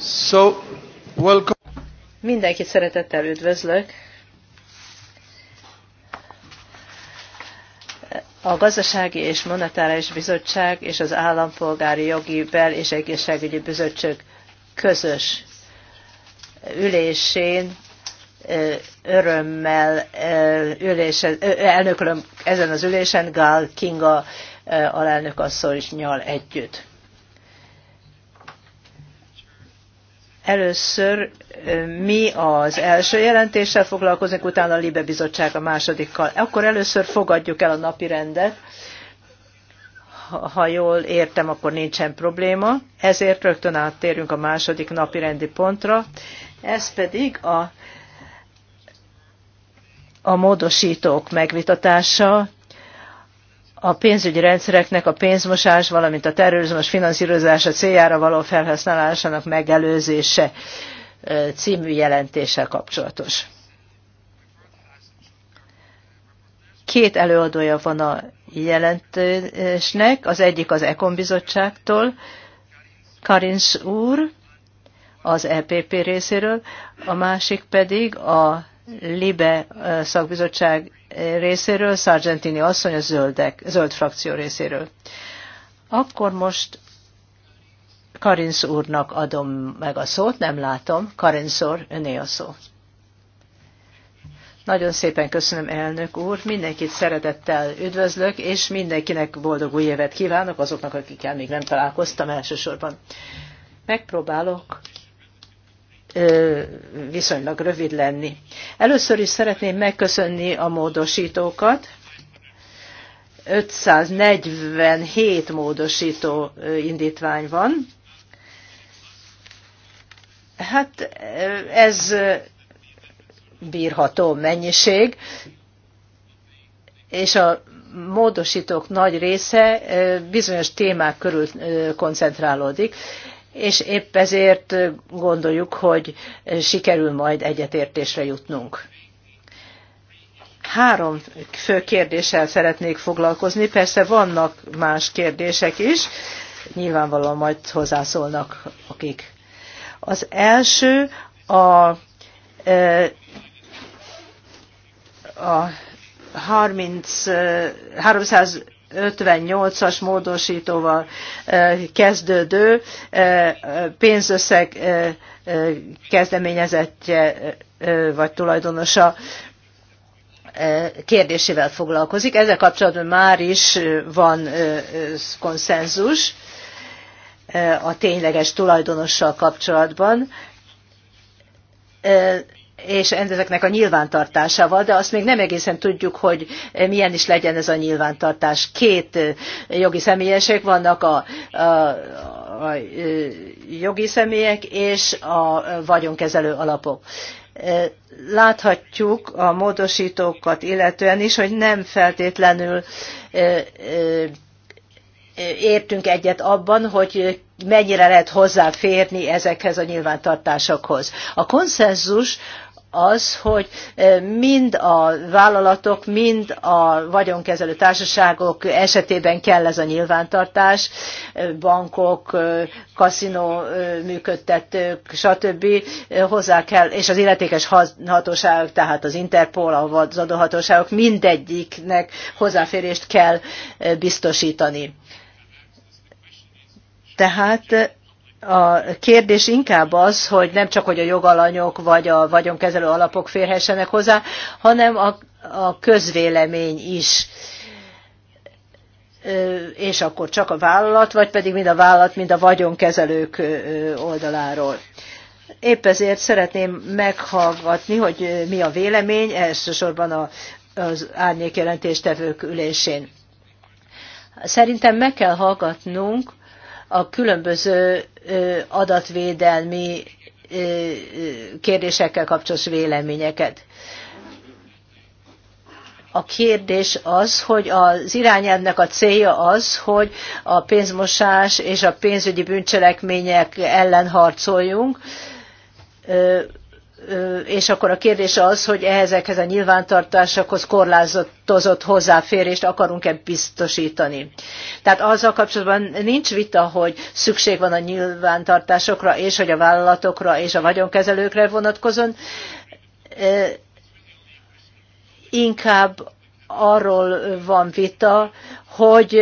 So, welcome. Mindenkit szeretettel üdvözlök. A Gazdasági és Monetáris Bizottság és az Állampolgári Jogi Bel- és Egészségügyi Bizottság közös ülésén örömmel ülésen, elnökölöm ezen az ülésen Gál Kinga alelnök asszonynyal együtt. Először mi az első jelentéssel foglalkozunk, utána a Libe Bizottság a másodikkal. Akkor először fogadjuk el a napi rendet. Ha jól értem, akkor nincsen probléma. Ezért rögtön áttérünk a második napi rendi pontra. Ez pedig a, a módosítók megvitatása a pénzügyi rendszereknek a pénzmosás, valamint a terrorizmus finanszírozása céljára való felhasználásának megelőzése című jelentéssel kapcsolatos. Két előadója van a jelentésnek, az egyik az Ekon bizottságtól, Karins úr, az EPP részéről, a másik pedig a Libe szakbizottság részéről, Sargentini asszony a zöldek, zöld frakció részéről. Akkor most Karinsz úrnak adom meg a szót, nem látom. Karinsz úr, öné a szó. Nagyon szépen köszönöm, elnök úr. Mindenkit szeretettel üdvözlök, és mindenkinek boldog új évet kívánok, azoknak, akikkel még nem találkoztam elsősorban. Megpróbálok viszonylag rövid lenni. Először is szeretném megköszönni a módosítókat. 547 módosító indítvány van. Hát ez bírható mennyiség, és a módosítók nagy része bizonyos témák körül koncentrálódik és épp ezért gondoljuk, hogy sikerül majd egyetértésre jutnunk. Három fő kérdéssel szeretnék foglalkozni, persze vannak más kérdések is, nyilvánvalóan majd hozzászólnak akik. Az első a, a 30, 300 58-as módosítóval kezdődő pénzösszeg kezdeményezettje vagy tulajdonosa kérdésével foglalkozik. Ezzel kapcsolatban már is van konszenzus a tényleges tulajdonossal kapcsolatban és ezeknek a nyilvántartásával, de azt még nem egészen tudjuk, hogy milyen is legyen ez a nyilvántartás. Két jogi személyesek vannak a, a, a jogi személyek és a vagyonkezelő alapok láthatjuk a módosítókat illetően is, hogy nem feltétlenül értünk egyet abban, hogy mennyire lehet hozzáférni ezekhez a nyilvántartásokhoz. A konszenzus az, hogy eh, mind a vállalatok, mind a vagyonkezelő társaságok esetében kell ez a nyilvántartás, eh, bankok, eh, kaszinó működtetők, stb. hozzá kell, és az illetékes hatóságok, tehát az Interpol, az adóhatóságok mindegyiknek hozzáférést kell biztosítani. Tehát a kérdés inkább az, hogy nem csak, hogy a jogalanyok vagy a vagyonkezelő alapok férhessenek hozzá, hanem a, a közvélemény is. És akkor csak a vállalat, vagy pedig mind a vállalat, mind a vagyonkezelők oldaláról. Épp ezért szeretném meghallgatni, hogy mi a vélemény, elsősorban a, az árnyékjelentéstevők ülésén. Szerintem meg kell hallgatnunk, a különböző adatvédelmi kérdésekkel kapcsolatos véleményeket. A kérdés az, hogy az irányelvnek a célja az, hogy a pénzmosás és a pénzügyi bűncselekmények ellen harcoljunk, és akkor a kérdés az, hogy ezekhez a nyilvántartásokhoz korlátozott hozzáférést akarunk-e biztosítani. Tehát azzal kapcsolatban nincs vita, hogy szükség van a nyilvántartásokra, és hogy a vállalatokra és a vagyonkezelőkre vonatkozon. Inkább arról van vita, hogy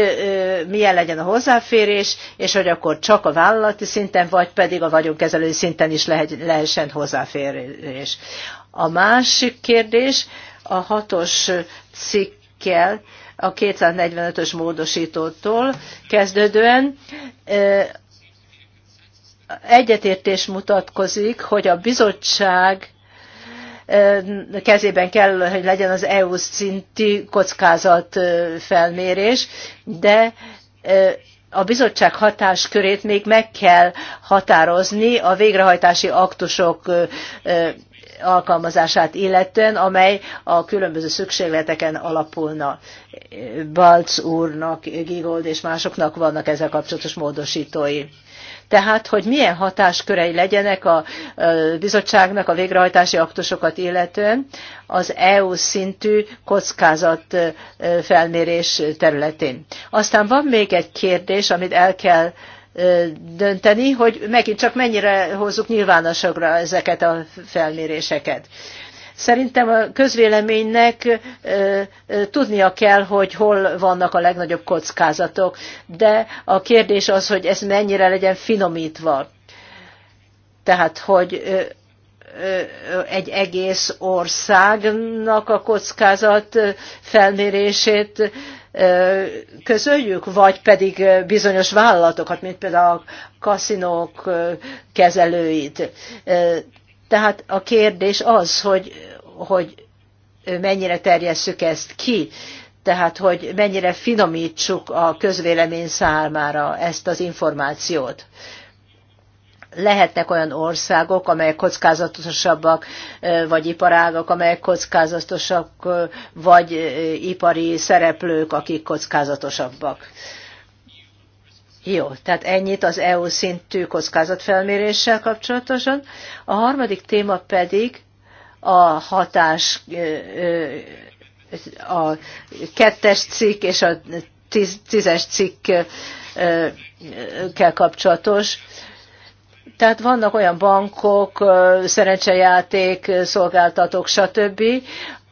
milyen legyen a hozzáférés, és hogy akkor csak a vállalati szinten, vagy pedig a vagyonkezelői szinten is lehessen hozzáférés. A másik kérdés a hatos cikkel, a 245-ös módosítótól kezdődően egyetértés mutatkozik, hogy a bizottság kezében kell, hogy legyen az EU szinti kockázat felmérés, de a bizottság hatáskörét még meg kell határozni a végrehajtási aktusok alkalmazását illetően, amely a különböző szükségleteken alapulna. Balc úrnak, Gigold és másoknak vannak ezzel kapcsolatos módosítói. Tehát, hogy milyen hatáskörei legyenek a bizottságnak a végrehajtási aktusokat illetően az EU szintű kockázat felmérés területén. Aztán van még egy kérdés, amit el kell dönteni, hogy megint csak mennyire hozzuk nyilvánosságra ezeket a felméréseket. Szerintem a közvéleménynek tudnia kell, hogy hol vannak a legnagyobb kockázatok, de a kérdés az, hogy ez mennyire legyen finomítva. Tehát, hogy egy egész országnak a kockázat felmérését közöljük, vagy pedig bizonyos vállalatokat, mint például a kaszinók kezelőit. Tehát a kérdés az, hogy, hogy mennyire terjesszük ezt ki, tehát hogy mennyire finomítsuk a közvélemény számára ezt az információt. Lehetnek olyan országok, amelyek kockázatosabbak, vagy iparágak, amelyek kockázatosak, vagy ipari szereplők, akik kockázatosabbak jó, tehát ennyit az EU szintű kockázatfelméréssel kapcsolatosan. A harmadik téma pedig a hatás, a kettes cikk és a tízes cikkkel kapcsolatos. Tehát vannak olyan bankok, szerencsejáték, szolgáltatók, stb.,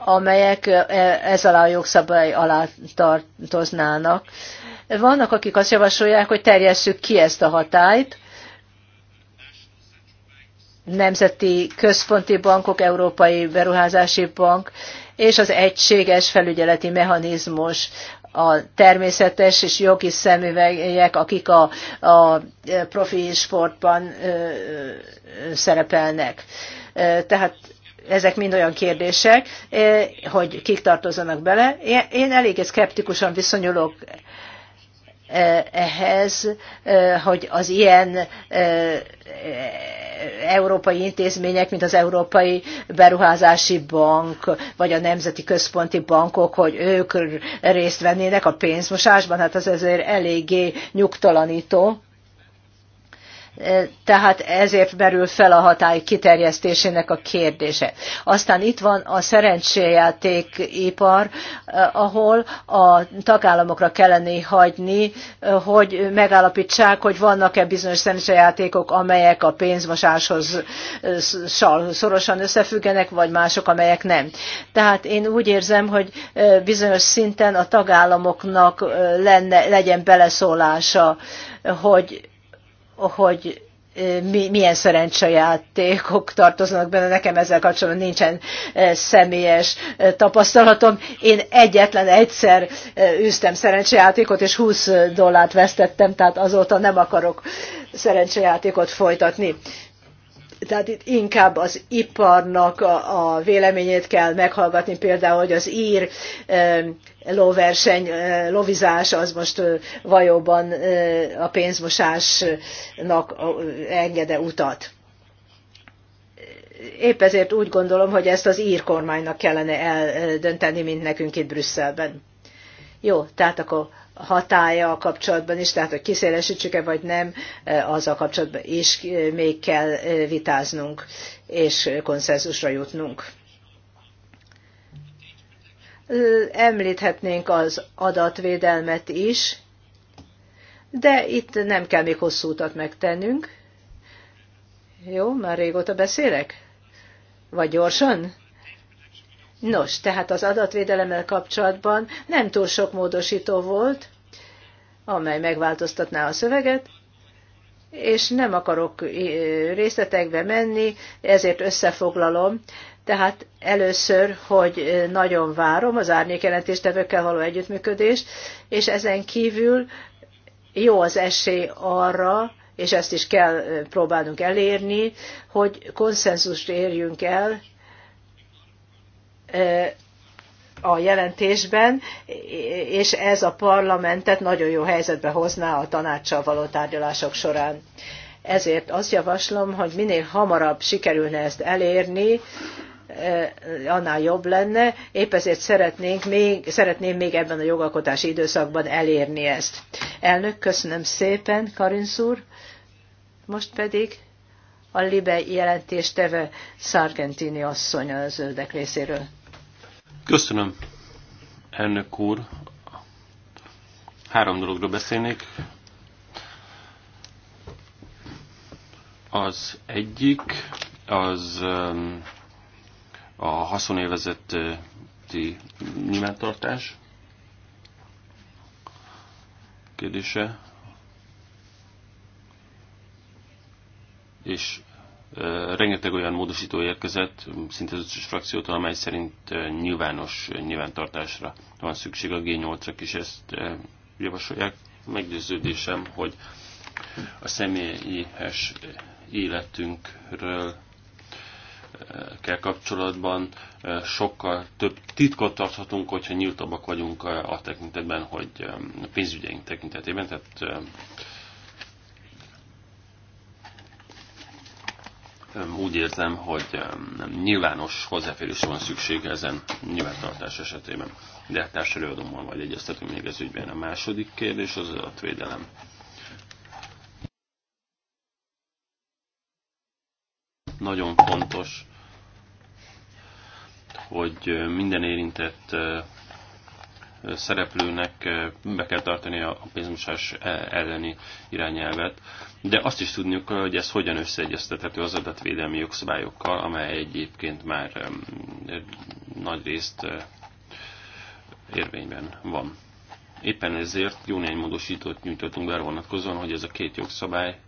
amelyek e, ez alá a jogszabály alá tartoznának vannak, akik azt javasolják, hogy terjesszük ki ezt a hatályt, nemzeti központi bankok, Európai Beruházási Bank és az egységes felügyeleti mechanizmus, a természetes és jogi szemüvegek, akik a, a profi sportban ö, ö, szerepelnek. Tehát ezek mind olyan kérdések, hogy kik tartozanak bele. Én eléggé szkeptikusan viszonyulok Eh, ehhez, eh, hogy az ilyen eh, európai intézmények, mint az Európai Beruházási Bank, vagy a Nemzeti Központi Bankok, hogy ők részt vennének a pénzmosásban, hát az ezért eléggé nyugtalanító tehát ezért merül fel a hatály kiterjesztésének a kérdése. Aztán itt van a szerencséjátékipar, ahol a tagállamokra kellene hagyni, hogy megállapítsák, hogy vannak-e bizonyos szerencséjátékok, amelyek a pénzmosáshoz szorosan összefüggenek, vagy mások, amelyek nem. Tehát én úgy érzem, hogy bizonyos szinten a tagállamoknak lenne, legyen beleszólása, hogy hogy milyen szerencsejátékok tartoznak benne, nekem ezzel kapcsolatban nincsen személyes tapasztalatom. Én egyetlen egyszer üztem szerencsejátékot, és 20 dollárt vesztettem, tehát azóta nem akarok szerencsejátékot folytatni. Tehát itt inkább az iparnak a véleményét kell meghallgatni, például, hogy az ír lóverseny, lovizás az most vajóban a pénzmosásnak engede utat. Épp ezért úgy gondolom, hogy ezt az ír kormánynak kellene eldönteni, mint nekünk itt Brüsszelben. Jó, tehát akkor hatája a kapcsolatban is, tehát hogy kiszélesítsük-e vagy nem, az a kapcsolatban is még kell vitáznunk és konszenzusra jutnunk. Említhetnénk az adatvédelmet is, de itt nem kell még hosszú utat megtennünk. Jó, már régóta beszélek? Vagy gyorsan? Nos, tehát az adatvédelemmel kapcsolatban nem túl sok módosító volt, amely megváltoztatná a szöveget, és nem akarok részletekbe menni, ezért összefoglalom tehát először, hogy nagyon várom az árnyékjelentéstevőkkel való együttműködést, és ezen kívül jó az esély arra, és ezt is kell próbálnunk elérni, hogy konszenzust érjünk el a jelentésben, és ez a parlamentet nagyon jó helyzetbe hozná a tanácssal való tárgyalások során. Ezért azt javaslom, hogy minél hamarabb sikerülne ezt elérni, Eh, annál jobb lenne, épp ezért szeretnénk még, szeretném még ebben a jogalkotási időszakban elérni ezt. Elnök, köszönöm szépen, Karinsz úr. Most pedig a Libe jelentésteve Sargentini asszony az zöldek részéről. Köszönöm, elnök úr. Három dologról beszélnék. Az egyik az a haszonélvezeti nyilvántartás kérdése, és rengeteg olyan módosító érkezett, szinte az összes frakciótól, amely szerint nyilvános nyilvántartásra van szükség. A G8-ra is ezt javasolják. Meggyőződésem, hogy a személyes életünkről kell kapcsolatban sokkal több titkot tarthatunk, hogyha nyíltabbak vagyunk a tekintetben, hogy a pénzügyeink tekintetében, tehát úgy érzem, hogy nyilvános hozzáférésre van szükség ezen nyilvántartás esetében. De hát társadalmi vagy egyeztetünk még ez ügyben. A második kérdés az adatvédelem. védelem Nagyon fontos, hogy minden érintett szereplőnek be kell tartani a pénzmosás e, elleni irányelvet, de azt is tudniuk hogy ez hogyan összeegyeztethető az adatvédelmi jogszabályokkal, amely egyébként már nagy részt érvényben van. Éppen ezért jó néhány módosítót nyújtottunk be vonatkozóan, hogy ez a két jogszabály,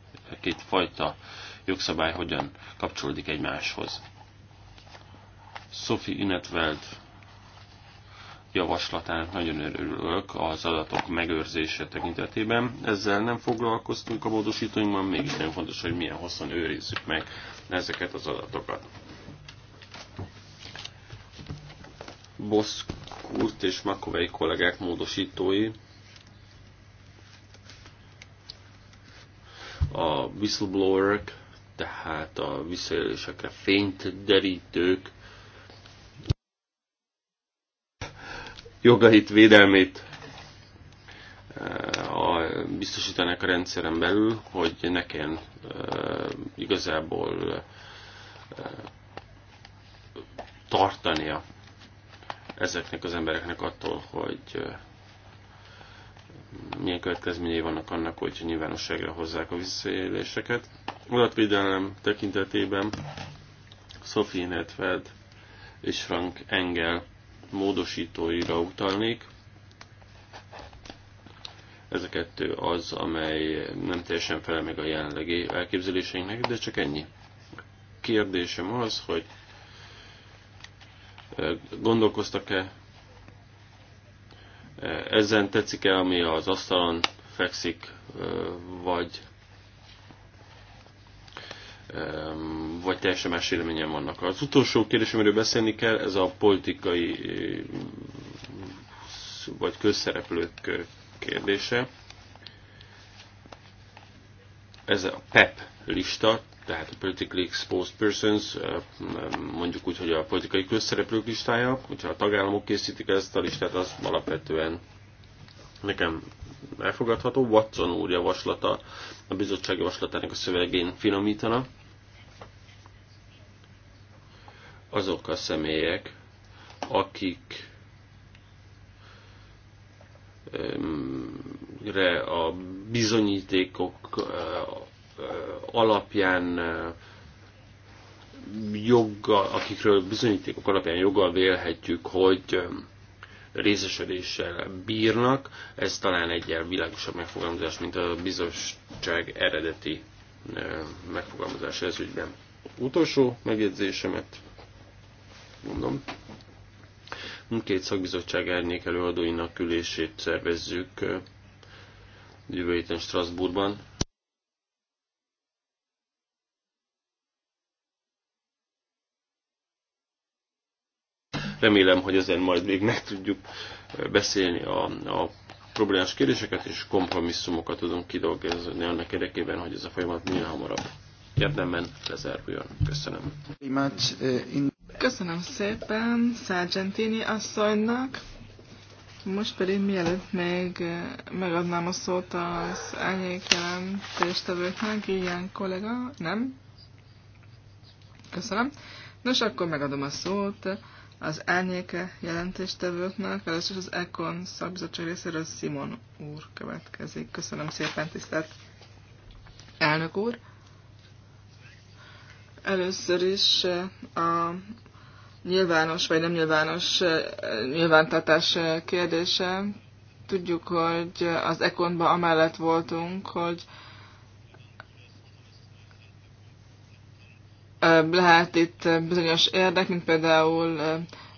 két fajta jogszabály hogyan kapcsolódik egymáshoz. Sophie Inetveld javaslatának nagyon örülök az adatok megőrzése tekintetében. Ezzel nem foglalkoztunk a módosítóinkban, mégis nagyon fontos, hogy milyen hosszan őrizzük meg ezeket az adatokat. Kurt és Makovei kollégák módosítói a whistleblowerek tehát a visszaélésekre fényt derítők jogait, védelmét eh, biztosítanak a rendszeren belül, hogy nekem eh, igazából eh, tartania ezeknek az embereknek attól, hogy milyen következményei vannak annak, hogy nyilvánosságra hozzák a visszaéléseket. Adatvédelem tekintetében Sophie Netfeld és Frank Engel módosítóira utalnék. Ez a kettő az, amely nem teljesen felel meg a jelenlegi elképzeléseinknek, de csak ennyi. Kérdésem az, hogy gondolkoztak-e ezen tetszik-e, ami az asztalon fekszik, vagy vagy teljesen más véleményen vannak. Az utolsó kérdés, amiről beszélni kell, ez a politikai vagy közszereplők kérdése. Ez a PEP lista, tehát a Politically Exposed Persons, mondjuk úgy, hogy a politikai közszereplők listája, hogyha a tagállamok készítik ezt a listát, az alapvetően nekem elfogadható. Watson úr javaslata, a bizottság javaslatának a szövegén finomítana. Azok a személyek, akik a bizonyítékok alapján joggal, akikről bizonyítékok alapján joggal vélhetjük, hogy részesedéssel bírnak, ez talán egyel világosabb megfogalmazás, mint a bizottság eredeti megfogalmazása ez ügyben. Utolsó megjegyzésemet mondom. Két szakbizottság árnyék előadóinak ülését szervezzük jövő héten Strasbourgban. Remélem, hogy ezen majd még meg tudjuk eh, beszélni a, a problémás kérdéseket, és kompromisszumokat tudunk kidolgozni annak érdekében, hogy ez a folyamat minél hamarabb érdemben lezáruljon. Köszönöm. Köszönöm szépen Szárgyentini asszonynak. Most pedig mielőtt még eh, megadnám a szót az elnyék jelentéstevőknek, ilyen kollega, nem? Köszönöm. Nos, akkor megadom a szót az elnéke jelentéstevőknek. Először az Econ szakbizottság részéről Simon úr következik. Köszönöm szépen, tisztelt elnök úr! Először is eh, a nyilvános vagy nem nyilvános eh, nyilvántartás eh, kérdése. Tudjuk, hogy az Econban amellett voltunk, hogy lehet itt bizonyos érdek, mint például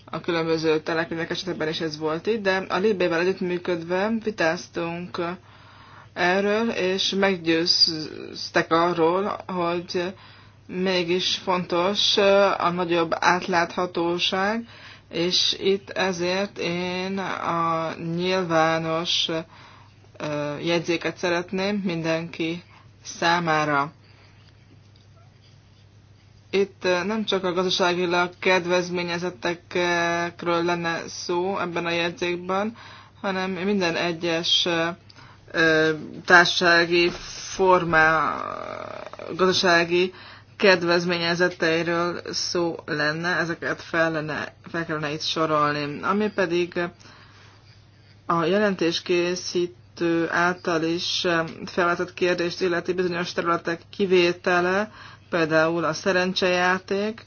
a különböző települések esetében is ez volt itt, de a Libével együttműködve vitáztunk erről, és meggyőztek arról, hogy mégis fontos a nagyobb átláthatóság, és itt ezért én a nyilvános jegyzéket szeretném mindenki számára. Itt nem csak a gazdaságilag kedvezményezettekről lenne szó ebben a jegyzékben, hanem minden egyes társasági formá, gazdasági kedvezményezeteiről szó lenne, ezeket fel, lenne, fel kellene itt sorolni. Ami pedig a jelentéskészítő által is felvetett kérdést illeti bizonyos területek kivétele, például a szerencsejáték.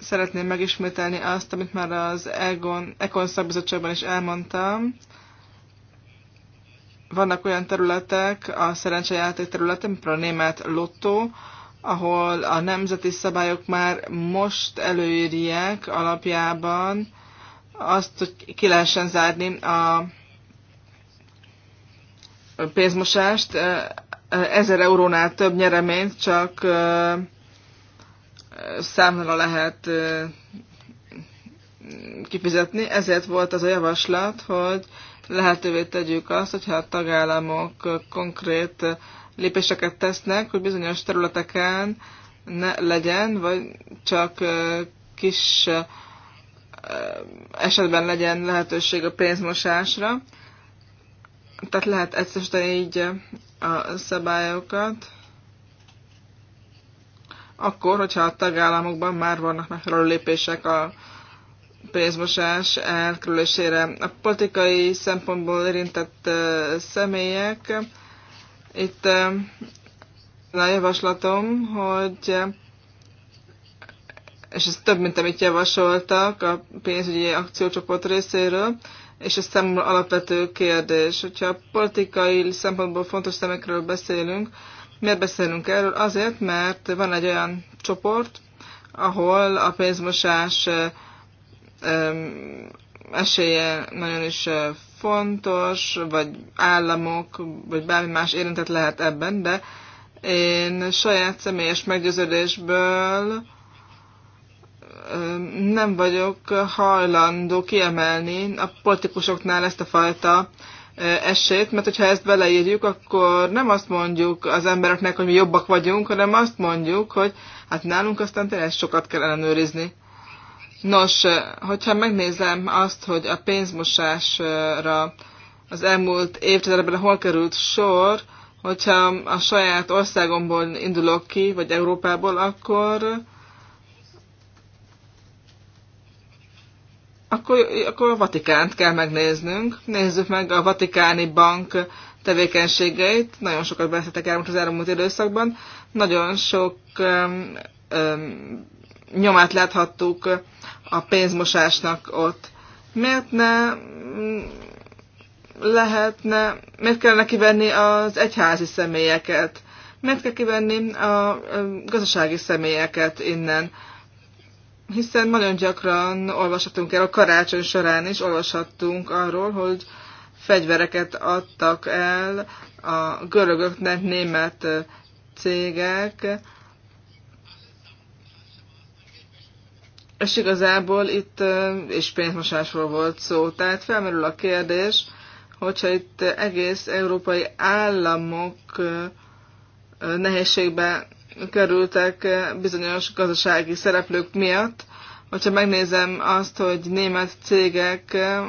Szeretném megismételni azt, amit már az Egon, Econ szakbizottságban is elmondtam. Vannak olyan területek, a szerencsejáték területe, mint a német lottó, ahol a nemzeti szabályok már most előírják alapjában azt, hogy ki lehessen zárni a pénzmosást ezer eurónál több nyereményt csak számlára lehet kifizetni. Ezért volt az a javaslat, hogy lehetővé tegyük azt, hogyha a tagállamok konkrét lépéseket tesznek, hogy bizonyos területeken ne legyen, vagy csak kis esetben legyen lehetőség a pénzmosásra. Tehát lehet egyszerűen így a szabályokat, akkor, hogyha a tagállamokban már vannak megfelelő lépések a pénzmosás elkerülésére. A politikai szempontból érintett személyek, itt a javaslatom, hogy és ez több, mint amit javasoltak a pénzügyi akciócsoport részéről, és ez számomra alapvető kérdés. Hogyha politikai szempontból fontos szemekről beszélünk, miért beszélünk erről? Azért, mert van egy olyan csoport, ahol a pénzmosás esélye nagyon is fontos, vagy államok, vagy bármi más érintett lehet ebben, de én saját személyes meggyőződésből nem vagyok hajlandó kiemelni a politikusoknál ezt a fajta esélyt, mert hogyha ezt beleírjuk, akkor nem azt mondjuk az embereknek, hogy mi jobbak vagyunk, hanem azt mondjuk, hogy hát nálunk aztán tényleg sokat kell ellenőrizni. Nos, hogyha megnézem azt, hogy a pénzmosásra az elmúlt évtizedben hol került sor, hogyha a saját országomból indulok ki, vagy Európából, akkor akkor, akkor a Vatikánt kell megnéznünk. Nézzük meg a Vatikáni Bank tevékenységeit. Nagyon sokat beszéltek el most az elmúlt időszakban. Nagyon sok um, um, nyomát láthattuk a pénzmosásnak ott. Miért ne mm, lehetne, miért kellene kivenni az egyházi személyeket? Miért kell kivenni a gazdasági személyeket innen? Hiszen nagyon gyakran olvashatunk el, a karácsony során is olvashattunk arról, hogy fegyvereket adtak el a görögöknek német cégek, és igazából itt és pénzmosásról volt szó. Tehát felmerül a kérdés, hogyha itt egész európai államok nehézségbe kerültek bizonyos gazdasági szereplők miatt. Hogyha megnézem azt, hogy német cégek eh,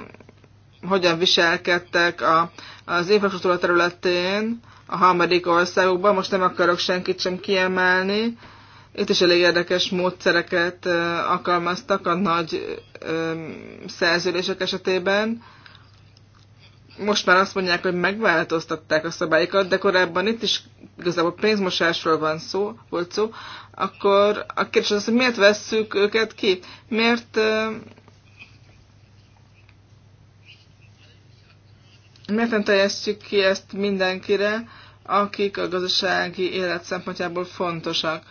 hogyan viselkedtek a, az infrastruktúra területén a harmadik országokban, most nem akarok senkit sem kiemelni, itt is elég érdekes módszereket eh, alkalmaztak a nagy eh, szerződések esetében most már azt mondják, hogy megváltoztatták a szabályokat, de korábban itt is igazából pénzmosásról van szó, volt szó, akkor a kérdés az, hogy miért vesszük őket ki? Miért miért nem teljesztjük ki ezt mindenkire, akik a gazdasági élet szempontjából fontosak?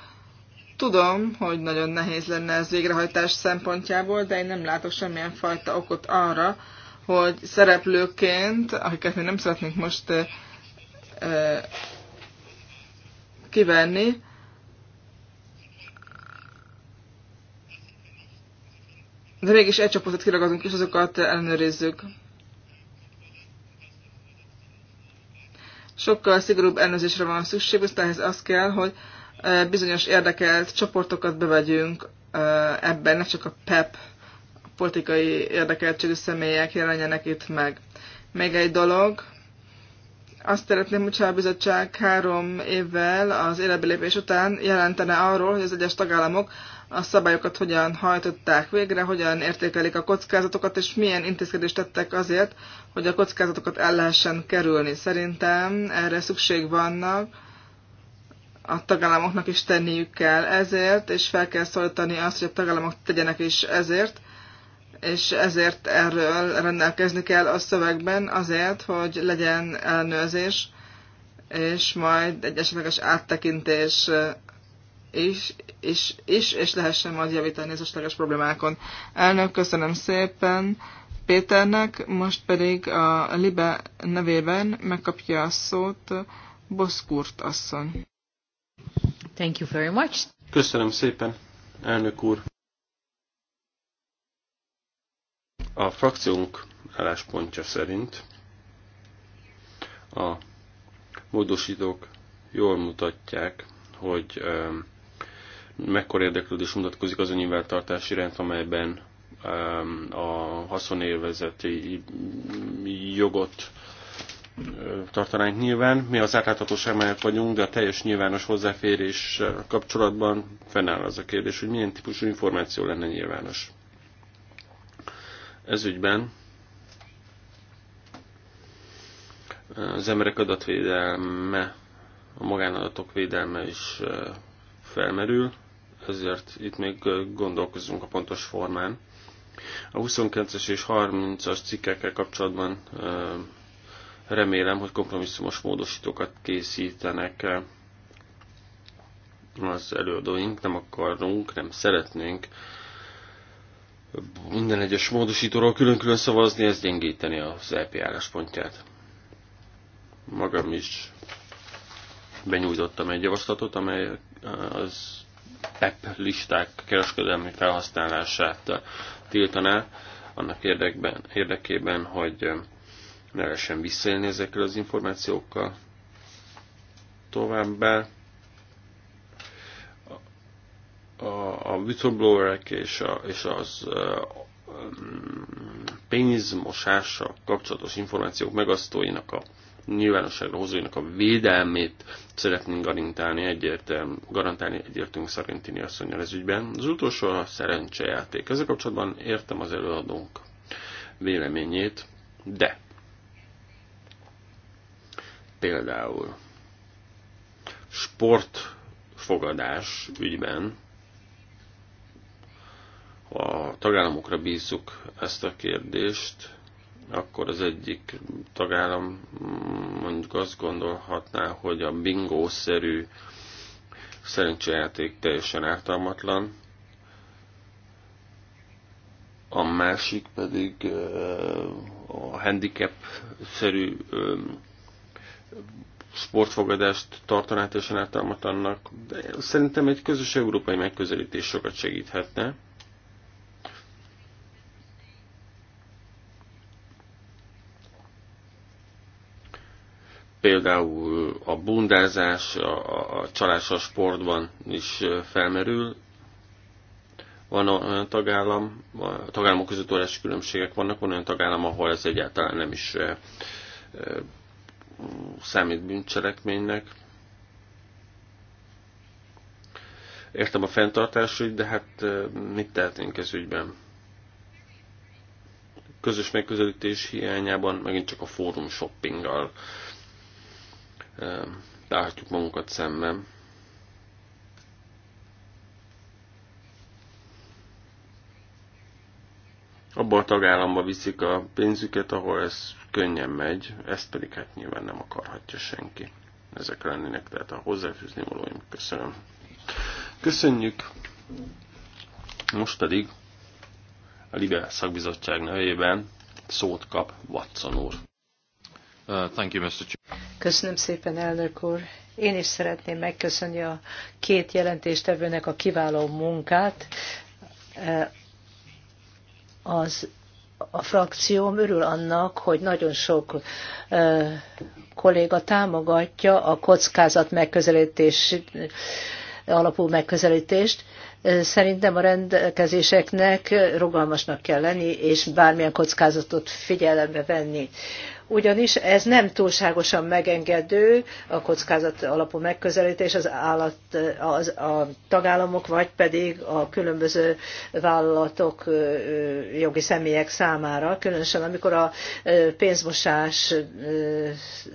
Tudom, hogy nagyon nehéz lenne ez végrehajtás szempontjából, de én nem látok semmilyen fajta okot arra, hogy szereplőként, akiket mi nem szeretnénk most eh, eh, kivenni, de mégis egy csoportot kiragadunk, és azokat ellenőrizzük. Sokkal szigorúbb ellenőrzésre van szükség, és ehhez az kell, hogy eh, bizonyos érdekelt csoportokat bevegyünk ebben, ne csak a PEP e politikai érdekeltségű személyek jelenjenek itt meg. Még egy dolog, azt szeretném, hogy a bizottság három évvel az életbelépés után jelentene arról, hogy az egyes tagállamok a szabályokat hogyan hajtották végre, hogyan értékelik a kockázatokat, és milyen intézkedést tettek azért, hogy a kockázatokat el lehessen kerülni. Szerintem erre szükség vannak, a tagállamoknak is tenniük kell ezért, és fel kell szólítani azt, hogy a tagállamok tegyenek is ezért, és ezért erről rendelkezni kell a szövegben azért, hogy legyen ellenőrzés, és majd egy esetleges áttekintés is, is, is és lehessen majd javítani az esetleges problémákon. Elnök, köszönöm szépen Péternek, most pedig a Libe nevében megkapja a szót Boszkurt asszony. Thank you very much. Köszönöm szépen, elnök úr. A frakciónk álláspontja szerint a módosítók jól mutatják, hogy um, mekkora érdeklődés mutatkozik az a rend, iránt, amelyben um, a haszonélvezeti jogot um, tartanánk nyilván. Mi az átláthatóság mellett vagyunk, de a teljes nyilvános hozzáférés kapcsolatban fennáll az a kérdés, hogy milyen típusú információ lenne nyilvános ezügyben az emberek adatvédelme, a magánadatok védelme is felmerül, ezért itt még gondolkozunk a pontos formán. A 29-es és 30-as cikkekkel kapcsolatban remélem, hogy kompromisszumos módosítókat készítenek az előadóink. Nem akarunk, nem szeretnénk minden egyes módosítóról külön-külön szavazni, ez gyengíteni az LP e álláspontját. Magam is benyújtottam egy javaslatot, amely az PEP listák kereskedelmi felhasználását tiltaná, annak érdekben, érdekében, hogy ne lehessen visszaélni ezekkel az információkkal. Továbbá a, a whistleblowerek és, a, és az pénzmosással kapcsolatos információk megasztóinak a nyilvánosságra hozóinak a védelmét szeretnénk garantálni, egyértelmű, garantálni egyértelmű szerintini asszonyal ez ügyben. Az utolsó a szerencsejáték. Ezzel kapcsolatban értem az előadónk véleményét, de például sportfogadás ügyben a tagállamokra bízzuk ezt a kérdést, akkor az egyik tagállam mondjuk azt gondolhatná, hogy a bingószerű szerencsejáték teljesen ártalmatlan, a másik pedig a handicap-szerű sportfogadást tartaná teljesen ártalmatlannak. De szerintem egy közös európai megközelítés sokat segíthetne. például a bundázás, a, a csalás a sportban is felmerül. Van olyan tagállam, a tagállamok között óriási különbségek vannak, van olyan tagállam, ahol ez egyáltalán nem is e, e, számít bűncselekménynek. Értem a fenntartásügy, de hát mit tehetnénk ez ügyben? Közös megközelítés hiányában megint csak a fórum shoppinggal tárhatjuk magunkat szemben. Abba a tagállamba viszik a pénzüket, ahol ez könnyen megy, ezt pedig hát nyilván nem akarhatja senki. Ezek lennének tehát a hozzáfűzni valóim. Köszönöm. Köszönjük! Most pedig a Liberál szakbizottság nevében szót kap Watson úr. Uh, thank you, Mr. Köszönöm szépen, elnök úr. Én is szeretném megköszönni a két jelentéstevőnek a kiváló munkát. Az a frakcióm örül annak, hogy nagyon sok ö, kolléga támogatja a kockázat megközelítés alapú megközelítést. Szerintem a rendelkezéseknek rugalmasnak kell lenni, és bármilyen kockázatot figyelembe venni ugyanis ez nem túlságosan megengedő a kockázat alapú megközelítés az, állat, az a tagállamok, vagy pedig a különböző vállalatok, jogi személyek számára, különösen amikor a pénzmosás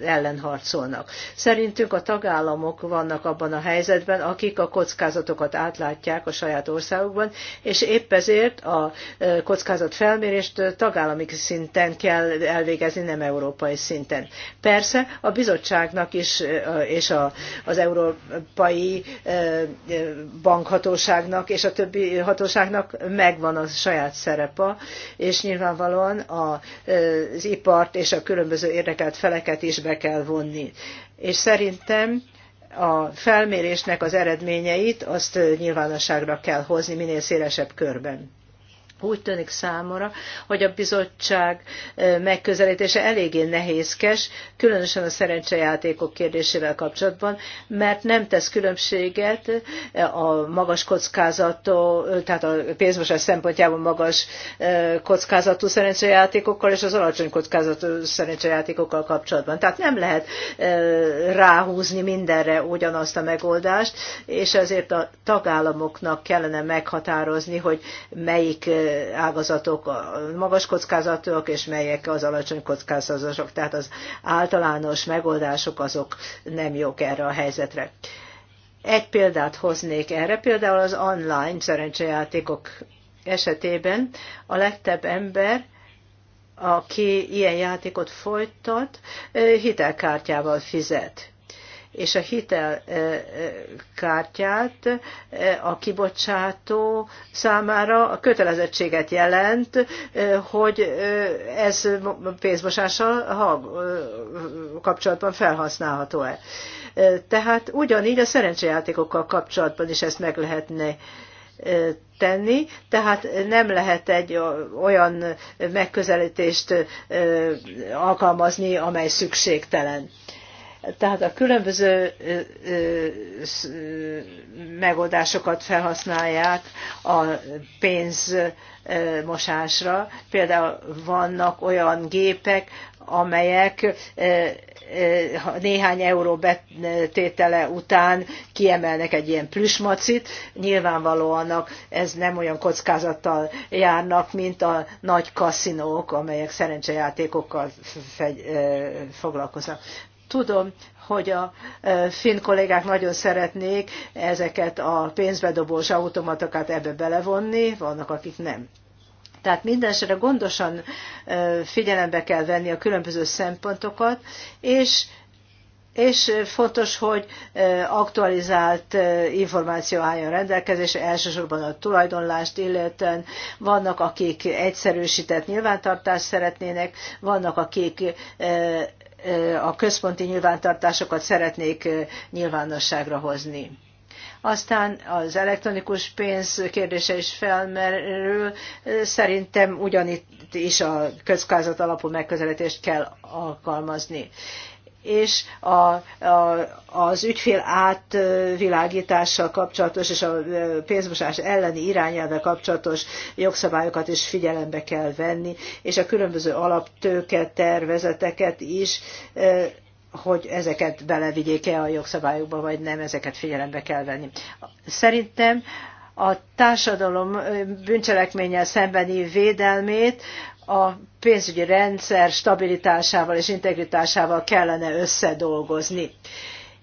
ellen harcolnak. Szerintünk a tagállamok vannak abban a helyzetben, akik a kockázatokat átlátják a saját országukban, és épp ezért a kockázat felmérést tagállami szinten kell elvégezni, nem EU európai szinten. Persze a bizottságnak is és a, az európai bankhatóságnak és a többi hatóságnak megvan a saját szerepe, és nyilvánvalóan az ipart és a különböző érdekelt feleket is be kell vonni. És szerintem a felmérésnek az eredményeit azt nyilvánosságra kell hozni minél szélesebb körben úgy tűnik számomra, hogy a bizottság megközelítése eléggé nehézkes, különösen a szerencsejátékok kérdésével kapcsolatban, mert nem tesz különbséget a magas kockázatú, tehát a pénzmosás szempontjából magas kockázatú szerencsejátékokkal és az alacsony kockázatú szerencsejátékokkal kapcsolatban. Tehát nem lehet ráhúzni mindenre ugyanazt a megoldást, és ezért a tagállamoknak kellene meghatározni, hogy melyik ágazatok magas kockázatúak, és melyek az alacsony kockázatosok. Tehát az általános megoldások azok nem jók erre a helyzetre. Egy példát hoznék erre, például az online szerencsejátékok esetében a legtöbb ember, aki ilyen játékot folytat, hitelkártyával fizet és a hitelkártyát eh, eh, eh, a kibocsátó számára a kötelezettséget jelent, hogy ez pénzmosással kapcsolatban felhasználható-e. Tehát ugyanígy a szerencsejátékokkal kapcsolatban is ezt meg lehetne tenni, tehát nem lehet egy olyan megközelítést alkalmazni, amely szükségtelen. Tehát a különböző megoldásokat felhasználják a pénzmosásra. Például vannak olyan gépek, amelyek néhány euró betétele után kiemelnek egy ilyen plüsmacit, nyilvánvalóan ez nem olyan kockázattal járnak, mint a nagy kaszinók, amelyek szerencsejátékokkal foglalkoznak. Tudom, hogy a finn kollégák nagyon szeretnék ezeket a pénzbedobós automatokat ebbe belevonni, vannak akik nem. Tehát mindenesetre gondosan figyelembe kell venni a különböző szempontokat, és és fontos, hogy aktualizált információ álljon rendelkezésre, elsősorban a tulajdonlást illetően. Vannak, akik egyszerűsített nyilvántartást szeretnének, vannak, akik a központi nyilvántartásokat szeretnék nyilvánosságra hozni. Aztán az elektronikus pénz kérdése is felmerül. Szerintem ugyanitt is a közkázat alapú megközelítést kell alkalmazni és a, a, az ügyfél átvilágítással kapcsolatos és a pénzmosás elleni irányelve kapcsolatos jogszabályokat is figyelembe kell venni, és a különböző alaptőke tervezeteket is, hogy ezeket belevigyék-e a jogszabályokba, vagy nem, ezeket figyelembe kell venni. Szerintem a társadalom bűncselekménnyel szembeni védelmét a pénzügyi rendszer stabilitásával és integritásával kellene összedolgozni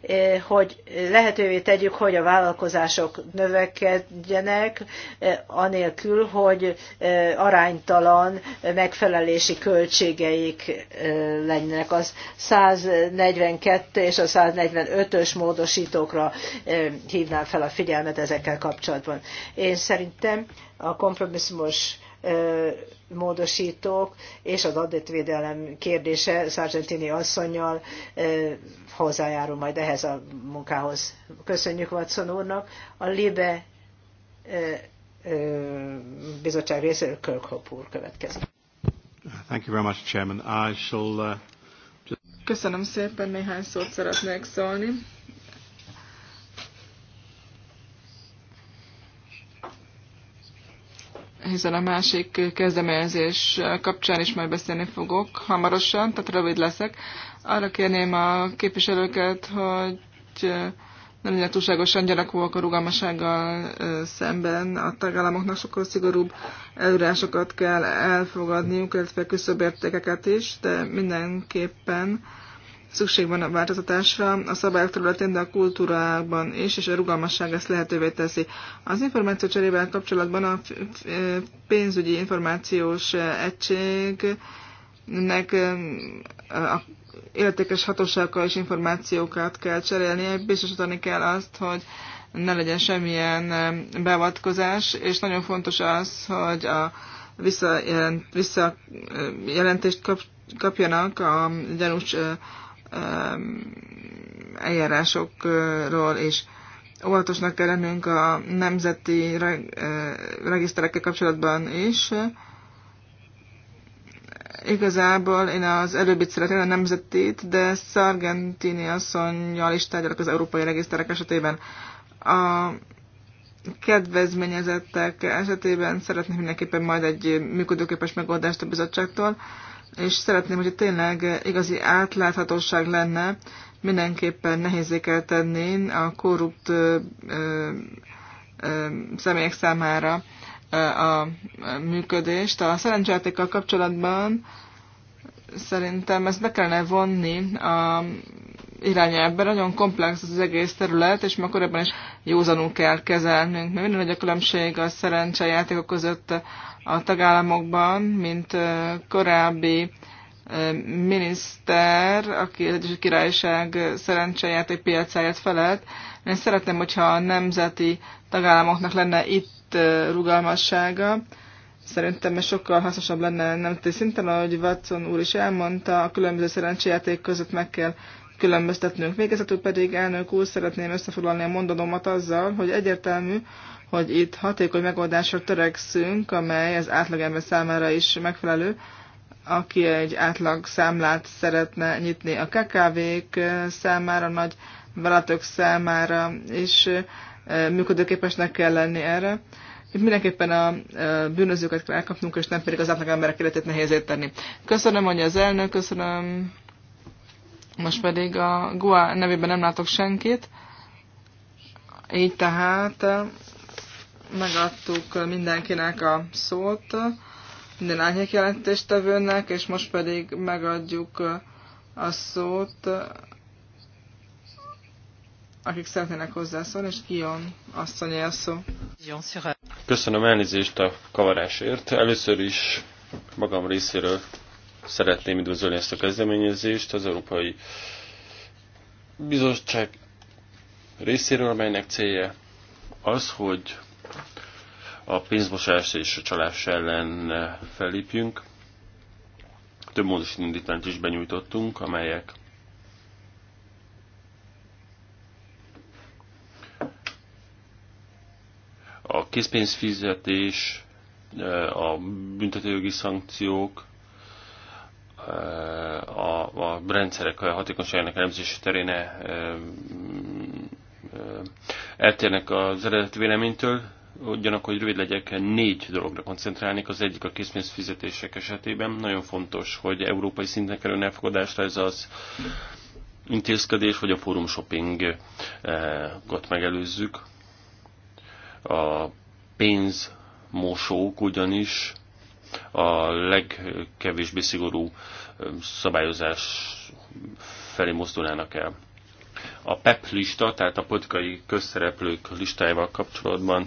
eh, hogy lehetővé tegyük, hogy a vállalkozások növekedjenek, eh, anélkül, hogy eh, aránytalan megfelelési költségeik lennének. Az 142 és a 145-ös módosítókra hívnám fel a figyelmet ezekkel kapcsolatban. Én szerintem a kompromisszumos módosítók és az adatvédelem kérdése Sargentini asszonynal hozzájárul majd ehhez a munkához. Köszönjük Watson úrnak. A Libe bizottság részéről Kirkhope úr következik. Thank you very much, Chairman. I shall, uh, just... Köszönöm szépen, néhány szót szeretnék szólni. hiszen a másik kezdeményezés kapcsán is majd beszélni fogok hamarosan, tehát rövid leszek. Arra kérném a képviselőket, hogy nem legyen túlságosan gyanakúak a rugalmasággal szemben. A tagállamoknak sokkal szigorúbb előrásokat kell elfogadniuk, illetve küszöbértékeket is, de mindenképpen szükség van a változtatásra a szabályok területén, de a kultúrában is, és a rugalmasság ezt lehetővé teszi. Az információ cserével kapcsolatban a pénzügyi információs egységnek a értékes hatóságokkal és információkat kell cserélni, biztosítani kell azt, hogy ne legyen semmilyen beavatkozás, és nagyon fontos az, hogy a visszajelentést kapjanak a gyanús eljárásokról és Óvatosnak kell lennünk a nemzeti reg, eh, regiszterekkel kapcsolatban is. Igazából én az előbbit szeretném a nemzetit, de Sargentini asszonyjal is tárgyalok az európai regiszterek esetében. A kedvezményezettek esetében szeretnék mindenképpen majd egy működőképes megoldást a bizottságtól és szeretném, hogy tényleg igazi átláthatóság lenne, mindenképpen nehézé kell tenni a korrupt ö, ö, ö, személyek számára ö, a működést. A szerencsejátékkal kapcsolatban szerintem ezt be kellene vonni a irányelvben. Nagyon komplex az, az egész terület, és ma korábban is józanul kell kezelnünk, mert minden nagy a különbség a szerencsejátékok között a tagállamokban, mint korábbi miniszter, aki az Egyesült Királyság egy piacáját felett, Én szeretném, hogyha a nemzeti tagállamoknak lenne itt rugalmassága. Szerintem ez sokkal hasznosabb lenne nemzeti szinten, ahogy Watson úr is elmondta, a különböző szerencséjáték között meg kell különböztetnünk. Végezetül pedig, elnök úr, szeretném összefoglalni a mondanomat azzal, hogy egyértelmű, hogy itt hatékony megoldásra törekszünk, amely az átlagember számára is megfelelő, aki egy átlag számlát szeretne nyitni a KKV-k számára, nagy vállalatok számára, és működőképesnek kell lenni erre. Itt mindenképpen a bűnözőket kell elkapnunk, és nem pedig az átlag emberek életét nehézét tenni. Köszönöm, hogy az elnök, köszönöm most pedig a Goa nevében nem látok senkit. Így tehát megadtuk mindenkinek a szót, minden árnyék jelentéstevőnek, és most pedig megadjuk a szót, akik szeretnének hozzászólni, és Kion asszonyé a szó. Köszönöm elnézést a kavarásért. Először is magam részéről szeretném üdvözölni ezt a kezdeményezést az Európai Bizottság részéről, amelynek célja az, hogy a pénzmosás és a csalás ellen felépjünk. Több módosító indítványt is benyújtottunk, amelyek a készpénzfizetés, a büntetőjogi szankciók, a, a rendszerek hatékonyságának elemzési terén e, e, e, eltérnek az eredeti véleménytől, ugyanakkor, hogy rövid legyek, négy dologra koncentrálnék. Az egyik a készpénz fizetések esetében. Nagyon fontos, hogy európai szinten kerül elfogadásra ez az intézkedés, hogy a fórum shoppingot megelőzzük. A pénzmosók ugyanis a legkevésbé szigorú szabályozás felé mozdulnának el. A PEP e lista, tehát a politikai közszereplők listájával kapcsolatban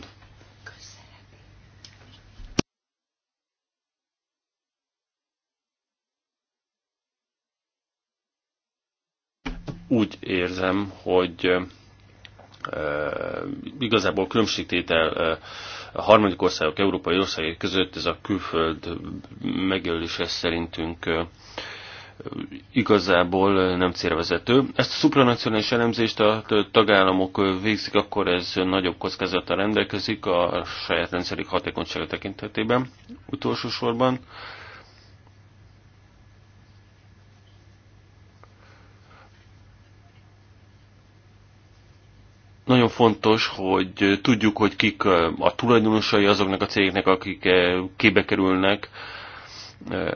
úgy érzem, hogy igazából különbségtétel a harmadik országok, európai országok között ez a külföld megjelölése szerintünk igazából nem célvezető. Ezt a szupranacionális elemzést a tagállamok végzik, akkor ez nagyobb kockázattal rendelkezik a saját rendszerük hatékonysága tekintetében utolsó sorban. Nagyon fontos, hogy tudjuk, hogy kik a tulajdonosai azoknak a cégeknek, akik kébe kerülnek.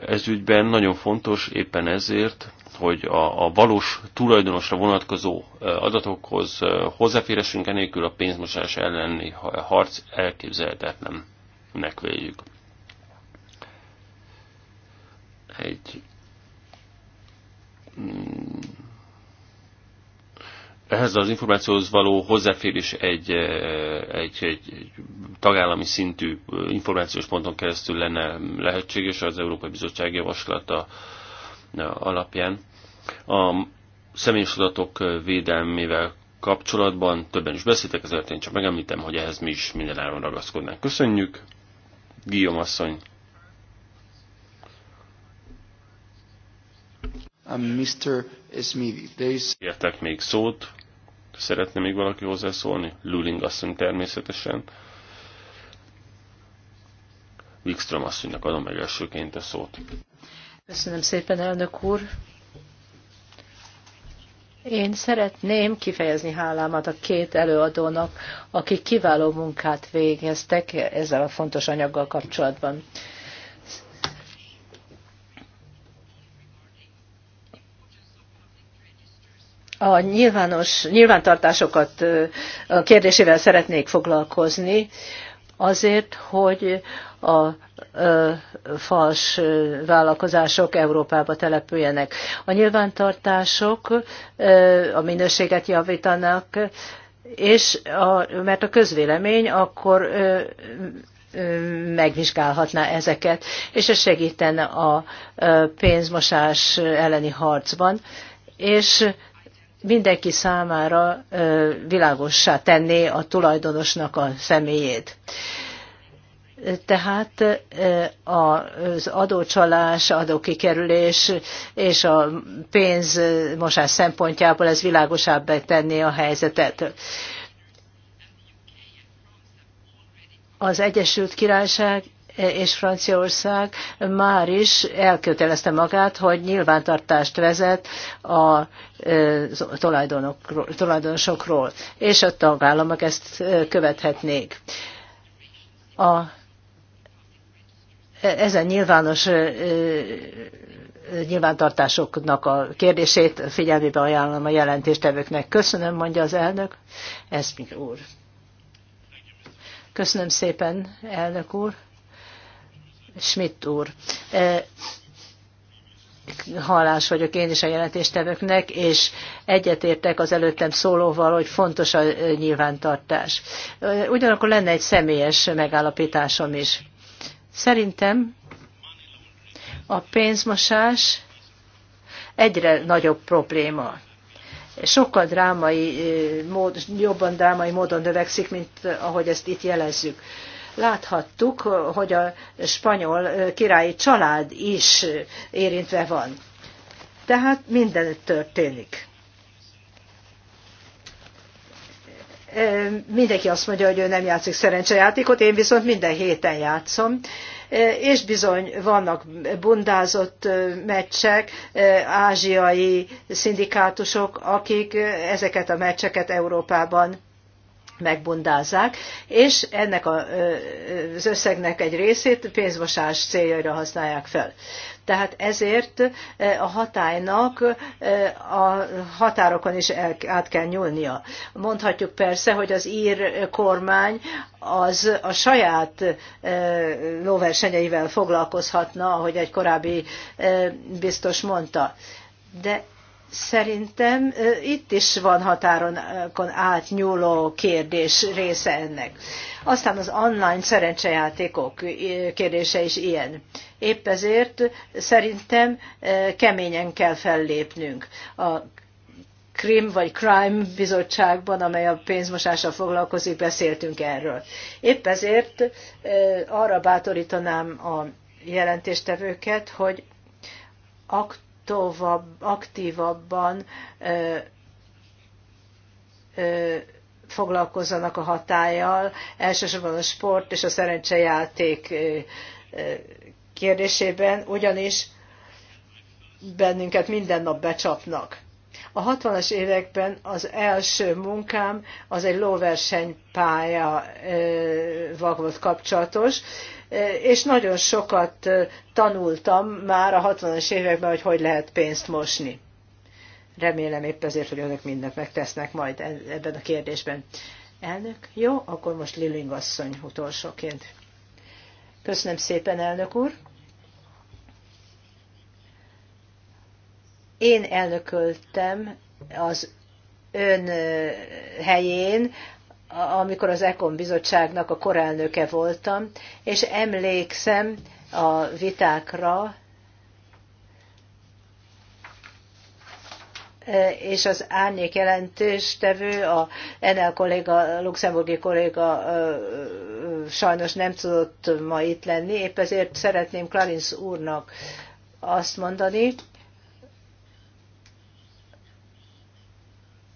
Ez ügyben nagyon fontos éppen ezért, hogy a, a valós tulajdonosra vonatkozó adatokhoz hozzáférhessünk, enélkül a pénzmosás elleni harc elképzelhetetlen nekvéljük. Egy mm, ehhez az információhoz való hozzáférés egy, eh, egy, egy tagállami szintű eh, információs ponton keresztül lenne lehetséges az Európai Bizottság javaslata eh, alapján. A személyes adatok védelmével kapcsolatban többen is beszéltek, ezért én csak megemlítem, hogy ehhez mi is mindenáron ragaszkodnánk. Köszönjük, Guillaume asszony! Mr. Uh, Smith, there is... Értek még szót. Szeretne még valaki hozzászólni? Luling asszony természetesen. Wikström asszonynak adom meg elsőként a szót. Köszönöm szépen, elnök úr. Én szeretném kifejezni hálámat a két előadónak, akik kiváló munkát végeztek ezzel a fontos anyaggal kapcsolatban. a nyilvános nyilvántartásokat a kérdésével szeretnék foglalkozni, azért, hogy a fals vállalkozások Európába települjenek. A nyilvántartások a minőséget javítanak, és a, mert a közvélemény akkor megvizsgálhatná ezeket, és ez segítene a pénzmosás elleni harcban, és mindenki számára világossá tenné a tulajdonosnak a személyét. Tehát az adócsalás, adókikerülés és a pénzmosás szempontjából ez világosabb tenni a helyzetet. Az Egyesült Királyság és Franciaország már is elkötelezte magát, hogy nyilvántartást vezet a tulajdonosokról, és a tagállamok ezt követhetnék. A, ezen nyilvános nyilvántartásoknak a kérdését figyelmébe ajánlom a jelentéstevőknek. Köszönöm, mondja az elnök. Ez úr. Köszönöm szépen, elnök úr. Schmidt úr. E, hallás vagyok én is a jelentéstevőknek, és egyetértek az előttem szólóval, hogy fontos a e, nyilvántartás. E, ugyanakkor lenne egy személyes megállapításom is. Szerintem a pénzmosás egyre nagyobb probléma. Sokkal drámai, mód, jobban drámai módon növekszik, mint ahogy ezt itt jelezzük láthattuk, hogy a spanyol királyi család is érintve van. Tehát minden történik. Mindenki azt mondja, hogy ő nem játszik szerencsejátékot, én viszont minden héten játszom és bizony vannak bundázott meccsek, ázsiai szindikátusok, akik ezeket a meccseket Európában megbundázzák, és ennek a, az összegnek egy részét pénzmosás céljaira használják fel. Tehát ezért a hatálynak a határokon is el, át kell nyúlnia. Mondhatjuk persze, hogy az ír kormány az a saját lóversenyeivel foglalkozhatna, ahogy egy korábbi biztos mondta. De Szerintem itt is van határon átnyúló kérdés része ennek. Aztán az online szerencsejátékok kérdése is ilyen. Épp ezért szerintem keményen kell fellépnünk. A Krim vagy Crime bizottságban, amely a pénzmosással foglalkozik, beszéltünk erről. Épp ezért arra bátorítanám a jelentéstevőket, hogy akt tovább, aktívabban ö, ö, foglalkozzanak a hatállyal, elsősorban a sport és a szerencsejáték ö, ö, kérdésében, ugyanis bennünket minden nap becsapnak. A 60-as években az első munkám az egy lóversenypálya volt kapcsolatos, és nagyon sokat tanultam már a 60-as években, hogy hogy lehet pénzt mosni. Remélem épp ezért, hogy önök mindent megtesznek majd e-, ebben a kérdésben. Elnök, jó, akkor most Liling asszony utolsóként. Köszönöm szépen, elnök úr. Én elnököltem az ön helyén amikor az Ekon bizottságnak a korelnöke voltam, és emlékszem a vitákra, e, és az árnyék jelentős tevő, a Enel kolléga, luxemburgi kolléga e, e, sajnos nem tudott ma itt lenni, épp ezért szeretném Clarence úrnak azt mondani,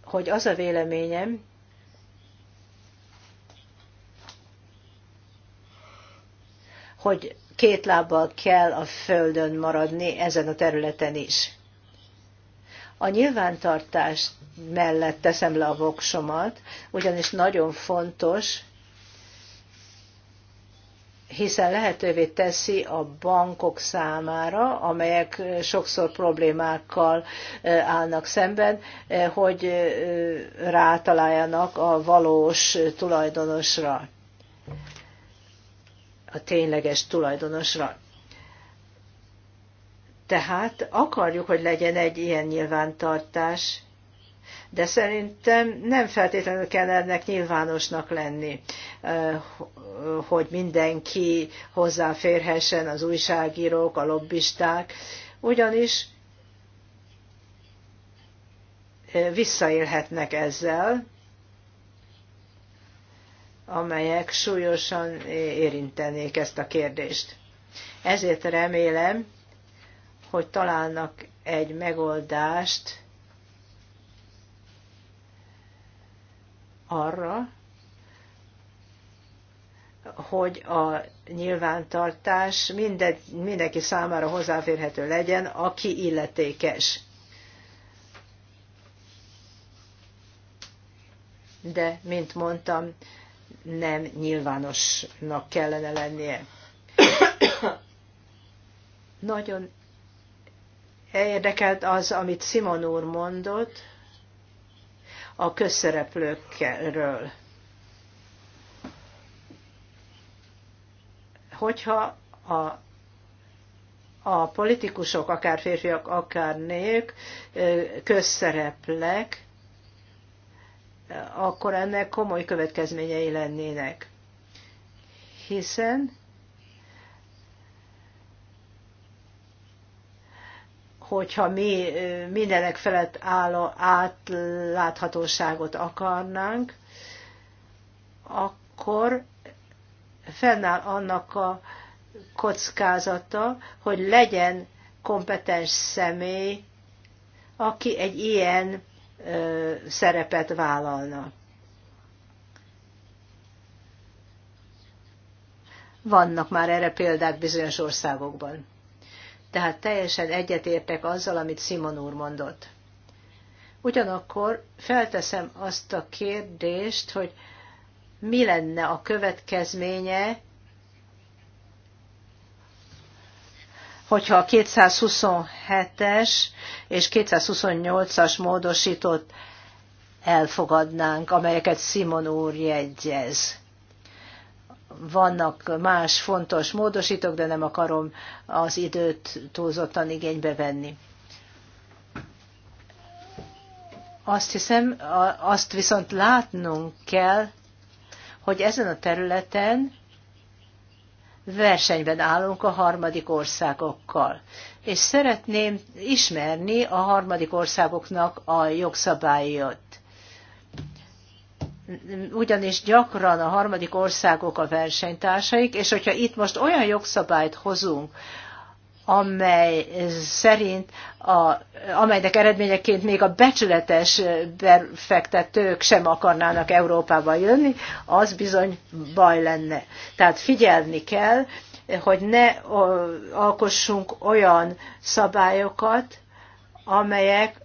hogy az a véleményem, hogy két lábbal kell a földön maradni ezen a területen is. A nyilvántartás mellett teszem le a voksomat, ugyanis nagyon fontos, hiszen lehetővé teszi a bankok számára, amelyek sokszor problémákkal állnak szemben, hogy rátaláljanak a valós tulajdonosra a tényleges tulajdonosra. Tehát akarjuk, hogy legyen egy ilyen nyilvántartás, de szerintem nem feltétlenül kell ennek nyilvánosnak lenni, eh, hogy mindenki hozzáférhessen, az újságírók, a lobbisták, ugyanis eh, visszaélhetnek ezzel, amelyek súlyosan érintenék ezt a kérdést. Ezért remélem, hogy találnak egy megoldást arra, hogy a nyilvántartás minden, mindenki számára hozzáférhető legyen, aki illetékes. De, mint mondtam, nem nyilvánosnak kellene lennie. Nagyon érdekelt az, amit Simon úr mondott a közszereplőkről. Hogyha a a politikusok, akár férfiak, akár nők közszereplek, akkor ennek komoly következményei lennének. Hiszen hogyha mi mindenek felett álló átláthatóságot akarnánk, akkor fennáll annak a kockázata, hogy legyen kompetens személy, aki egy ilyen szerepet vállalna. Vannak már erre példák bizonyos országokban. Tehát teljesen egyetértek azzal, amit Simon úr mondott. Ugyanakkor felteszem azt a kérdést, hogy mi lenne a következménye hogyha a 227-es és 228-as módosított elfogadnánk, amelyeket Simon úr jegyez. Vannak más fontos módosítók, de nem akarom az időt túlzottan igénybe venni. Azt hiszem, azt viszont látnunk kell, hogy ezen a területen versenyben állunk a harmadik országokkal. És szeretném ismerni a harmadik országoknak a jogszabályot. Ugyanis gyakran a harmadik országok a versenytársaik, és hogyha itt most olyan jogszabályt hozunk, amely szerint a, amelynek eredményeként még a becsületes befektetők sem akarnának Európába jönni, az bizony baj lenne. Tehát figyelni kell, hogy ne alkossunk olyan szabályokat, amelyek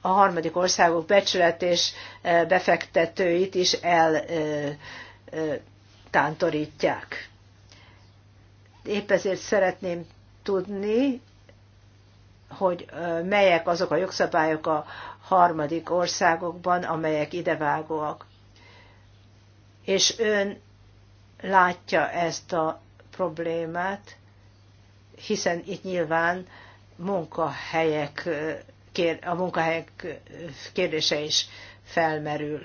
a harmadik országok becsületés e, befektetőit is eltántorítják. E, e, Épp ezért szeretném tudni, hogy melyek azok a jogszabályok a harmadik országokban, amelyek idevágóak. És ön látja ezt a problémát, hiszen itt nyilván munkahelyek, a munkahelyek kérdése is felmerül.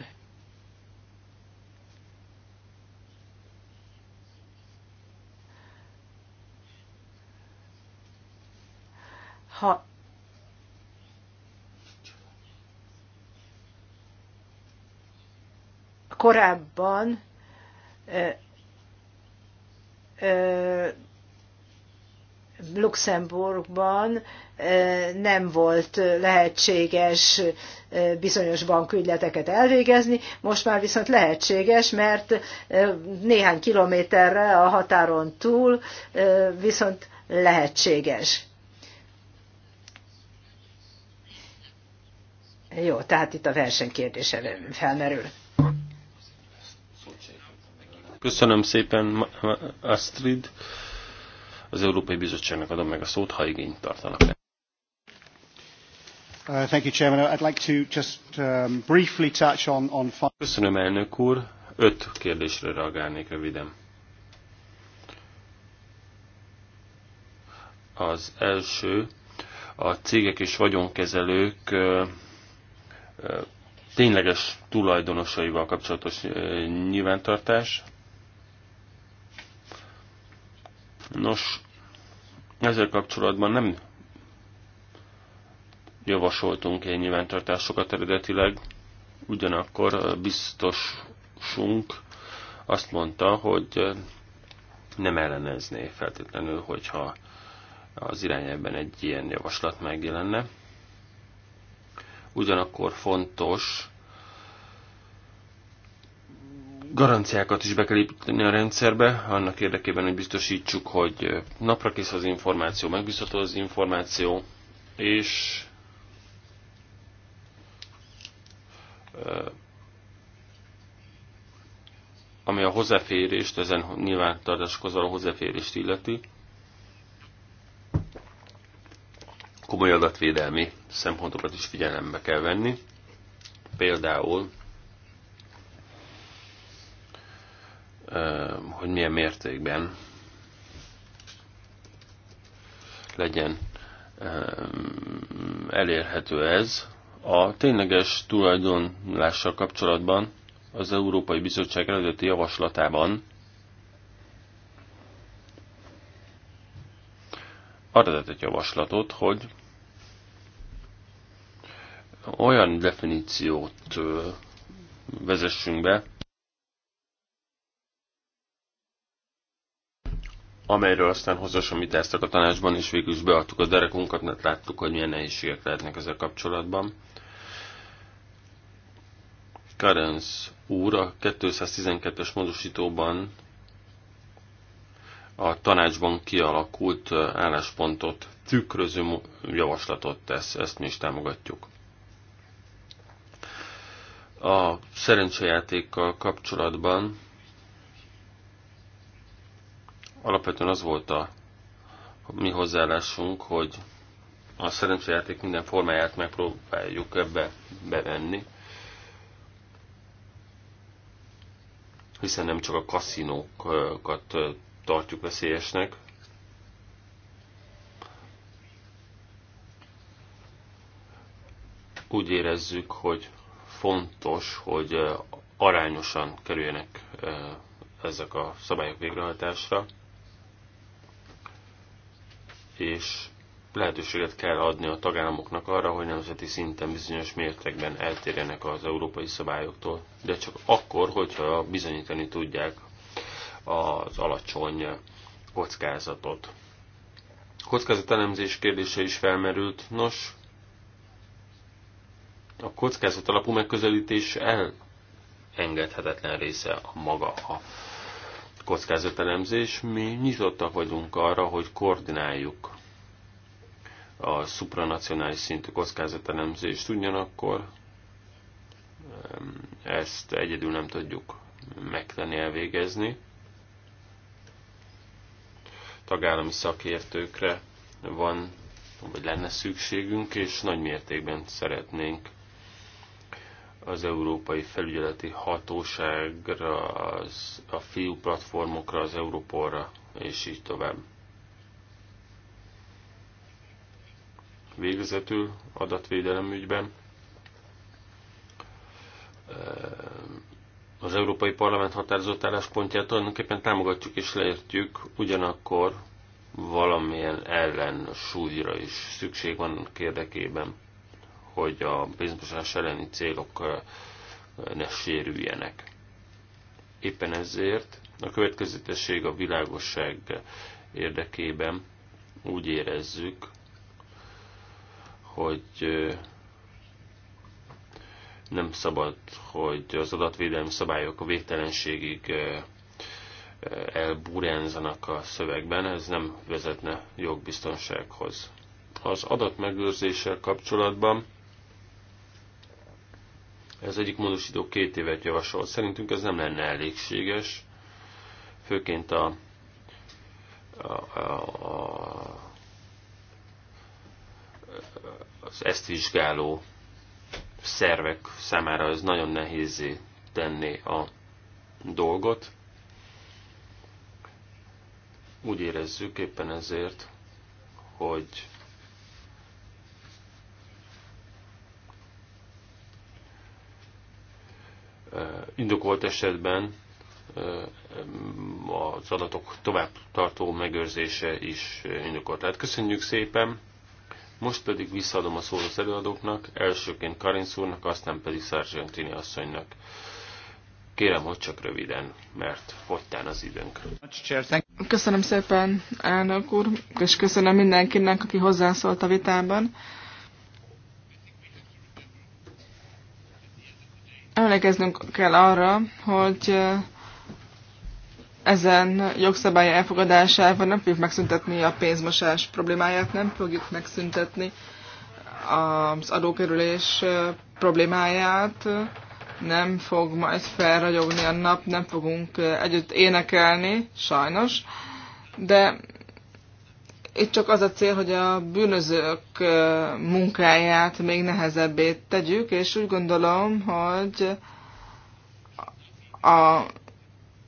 ha korábban Luxemburgban nem volt lehetséges bizonyos bankügyleteket elvégezni, most már viszont lehetséges, mert néhány kilométerre a határon túl viszont lehetséges. Jó, tehát itt a verseny kérdése felmerül. Köszönöm szépen, Astrid. Az Európai Bizottságnak adom meg a szót, ha igényt tartanak. Uh, thank you, Chairman. I'd like to just um, briefly touch on, on... Köszönöm, elnök úr. Öt kérdésre reagálnék röviden. Az első, a cégek és vagyonkezelők uh, tényleges tulajdonosaival kapcsolatos nyilvántartás. Nos, ezzel kapcsolatban nem javasoltunk ilyen nyilvántartásokat eredetileg, ugyanakkor biztosunk azt mondta, hogy nem ellenezné feltétlenül, hogyha az irányában egy ilyen javaslat megjelenne ugyanakkor fontos garanciákat is be kell építeni a rendszerbe, annak érdekében, hogy biztosítsuk, hogy napra kész az információ, megbízható az információ, és ami a hozzáférést, ezen nyilvántartáshoz a hozzáférést illeti, komoly adatvédelmi szempontokat is figyelembe kell venni. Például, eh, hogy milyen mértékben legyen eh, elérhető ez. A tényleges tulajdonlással kapcsolatban az Európai Bizottság eredeti javaslatában arra tett javaslatot, hogy olyan definíciót vezessünk be, amelyről aztán hosszasan vitáztak a tanácsban, és végül is beadtuk a derekunkat, mert láttuk, hogy milyen nehézségek lehetnek ezzel kapcsolatban. Karenz úr a 212-es módosítóban a tanácsban kialakult álláspontot tükröző javaslatot tesz, ezt mi is támogatjuk a szerencsejátékkal kapcsolatban alapvetően az volt a mi hozzáállásunk, hogy a szerencsejáték minden formáját megpróbáljuk ebbe bevenni, hiszen nem csak a kaszinókat tartjuk veszélyesnek, úgy érezzük, hogy fontos, hogy arányosan kerüljenek ezek a szabályok végrehajtásra, és lehetőséget kell adni a tagállamoknak arra, hogy nemzeti szinten bizonyos mértékben eltérjenek az európai szabályoktól, de csak akkor, hogyha bizonyítani tudják az alacsony kockázatot. Kockázatelemzés kérdése is felmerült. Nos, a kockázat alapú megközelítés elengedhetetlen része a maga a kockázatelemzés. Mi nyitottak vagyunk arra, hogy koordináljuk a supranacionális szintű kockázatelemzést, ugyanakkor ezt egyedül nem tudjuk megtenni, elvégezni. Tagállami szakértőkre van, vagy lenne szükségünk, és nagy mértékben szeretnénk az Európai Felügyeleti Hatóságra, az, a fiú platformokra, az Európolra, és így tovább. Végezetül adatvédelem ügyben eh, az Európai Parlament határozott álláspontját tulajdonképpen támogatjuk és leértjük, ugyanakkor valamilyen ellensúlyra is szükség van kérdekében hogy a bizonyos elleni célok ne sérüljenek. Éppen ezért a következetesség a világosság érdekében úgy érezzük, hogy nem szabad, hogy az adatvédelmi szabályok a végtelenségig elburjánzanak a szövegben, ez nem vezetne jogbiztonsághoz. Az adatmegőrzéssel kapcsolatban ez egyik módosító két évet javasol. Szerintünk ez nem lenne elégséges, főként a, a, a, az ezt vizsgáló szervek számára ez nagyon nehézé tenni a dolgot. Úgy érezzük éppen ezért, hogy indokolt esetben az adatok tovább tartó megőrzése is indokolt. Tehát köszönjük szépen! Most pedig visszaadom a szót az előadóknak, elsőként Karin szúrnak, aztán pedig Sargentini asszonynak. Kérem, hogy csak röviden, mert fogytán az időnk. Köszönöm szépen, elnök úr, és köszönöm mindenkinek, aki hozzászólt a vitában. Emlékeznünk kell arra, hogy ezen jogszabály elfogadásával nem fogjuk megszüntetni a pénzmosás problémáját, nem fogjuk megszüntetni az adókerülés problémáját, nem fog majd felragyogni a nap, nem fogunk együtt énekelni, sajnos, de itt csak az a cél, hogy a bűnözők munkáját még nehezebbé tegyük, és úgy gondolom, hogy a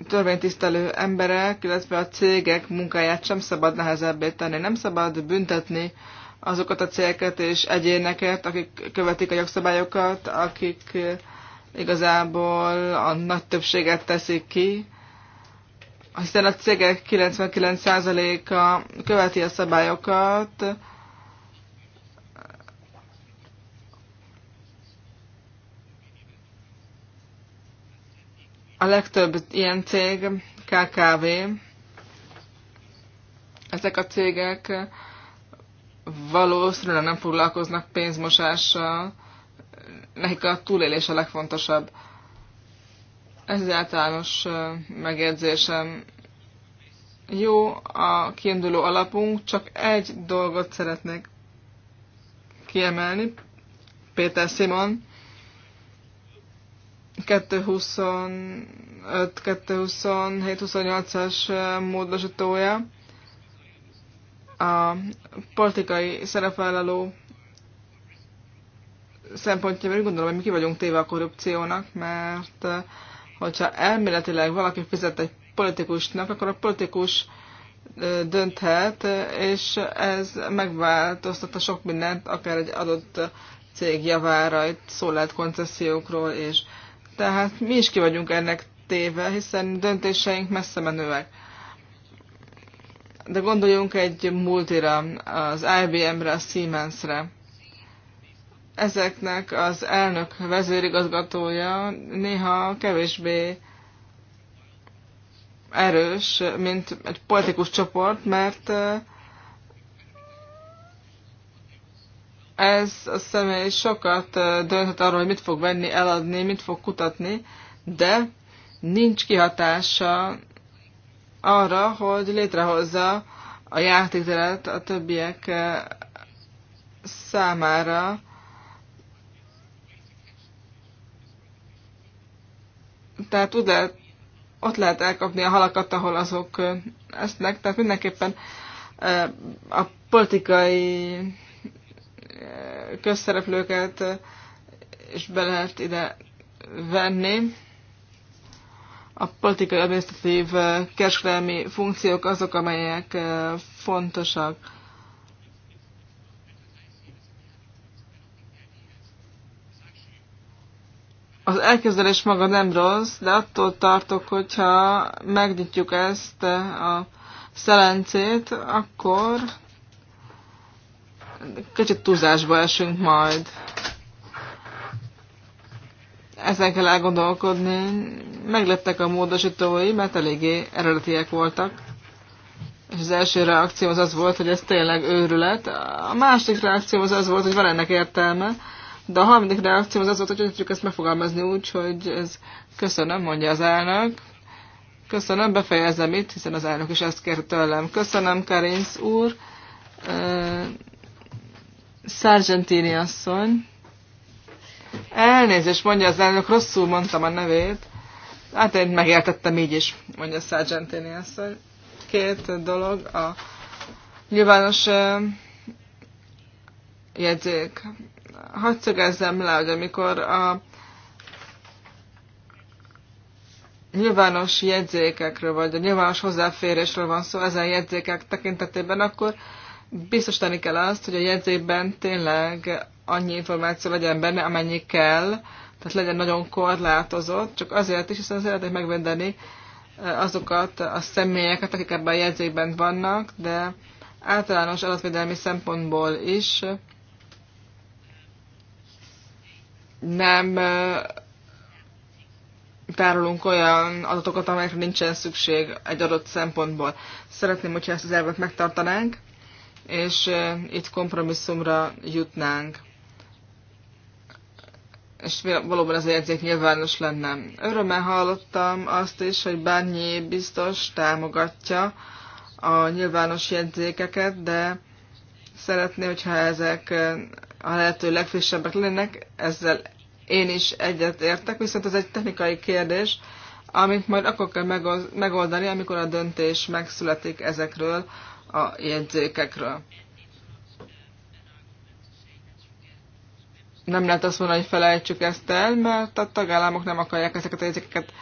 törvénytisztelő emberek, illetve a cégek munkáját sem szabad nehezebbé tenni. Nem szabad büntetni azokat a cégeket és egyéneket, akik követik a jogszabályokat, akik igazából a nagy többséget teszik ki, aztán a cégek 99%-a követi a szabályokat, a legtöbb ilyen cég KKV. Ezek a cégek valószínűleg nem foglalkoznak pénzmosással, nekik a túlélés a legfontosabb. Ez az általános megjegyzésem. Jó a kiinduló alapunk, csak egy dolgot szeretnék kiemelni. Péter Simon 227-28-as módosítója a politikai szerepvállaló szempontjából úgy gondolom, hogy mi ki vagyunk téve a korrupciónak, mert hogyha elméletileg valaki fizet egy politikusnak, akkor a politikus dönthet, és ez megváltoztatta sok mindent, akár egy adott cég javára, itt szó lehet koncesziókról, és tehát mi is ki vagyunk ennek téve, hiszen döntéseink messze menőek. De gondoljunk egy multira, az IBM-re, a Siemens-re ezeknek az elnök vezérigazgatója néha kevésbé erős, mint egy politikus csoport, mert eh, ez a személy sokat eh, dönthet arról, hogy mit fog venni, eladni, mit fog kutatni, de nincs kihatása arra, hogy létrehozza a játékteret a többiek eh, számára, tehát úgy lehet, ott lehet elkapni a halakat, ahol azok esznek, tehát mindenképpen a politikai közszereplőket is be lehet ide venni. A politikai administratív kereskedelmi funkciók azok, amelyek fontosak. Az elképzelés maga nem rossz, de attól tartok, hogyha megnyitjuk ezt eh, a szelencét, akkor kicsit túlzásba esünk majd. Ezen kell elgondolkodni. Meglettek a módosítói, mert eléggé eredetiek voltak. És az első reakció az az volt, hogy ez tényleg őrület. A másik reakció az az volt, hogy van ennek értelme de a harmadik reakció az az volt, hogy hogy tudjuk ezt megfogalmazni úgy, hogy ez köszönöm, mondja az elnök. Köszönöm, befejezem itt, hiszen az elnök is ezt kér tőlem. Köszönöm, Karinsz úr. Uh, Sargentini asszony. Elnézést, mondja az elnök, rosszul mondtam a nevét. Hát én megértettem így is, mondja Sargentini asszony. Két dolog, a nyilvános uh, jegyzék hadd szögezzem le, hogy amikor a nyilvános jegyzékekről, vagy a nyilvános hozzáférésről van szó ezen jegyzékek tekintetében, akkor biztosítani kell azt, hogy a jegyzékben tényleg annyi információ legyen benne, amennyi kell, tehát legyen nagyon korlátozott, csak azért is, hiszen szeretnék megvédeni azokat a személyeket, akik ebben a jegyzékben vannak, de általános adatvédelmi szempontból is nem tárolunk olyan adatokat, amelyekre nincsen szükség egy adott szempontból. Szeretném, hogyha ezt az elvet megtartanánk, és itt kompromisszumra jutnánk. És valóban az érzék nyilvános lenne. Örömmel hallottam azt is, hogy bárnyi biztos támogatja a nyilvános jegyzékeket, de szeretné, hogyha ezek a lehető legfrissebbek lennének, ezzel én is egyet értek, viszont ez egy technikai kérdés, amit majd akkor kell megoldani, amikor a döntés megszületik ezekről a jegyzékekről. Nem lehet azt mondani, hogy felejtsük ezt el, mert a tagállamok nem akarják ezeket a jegyzékeket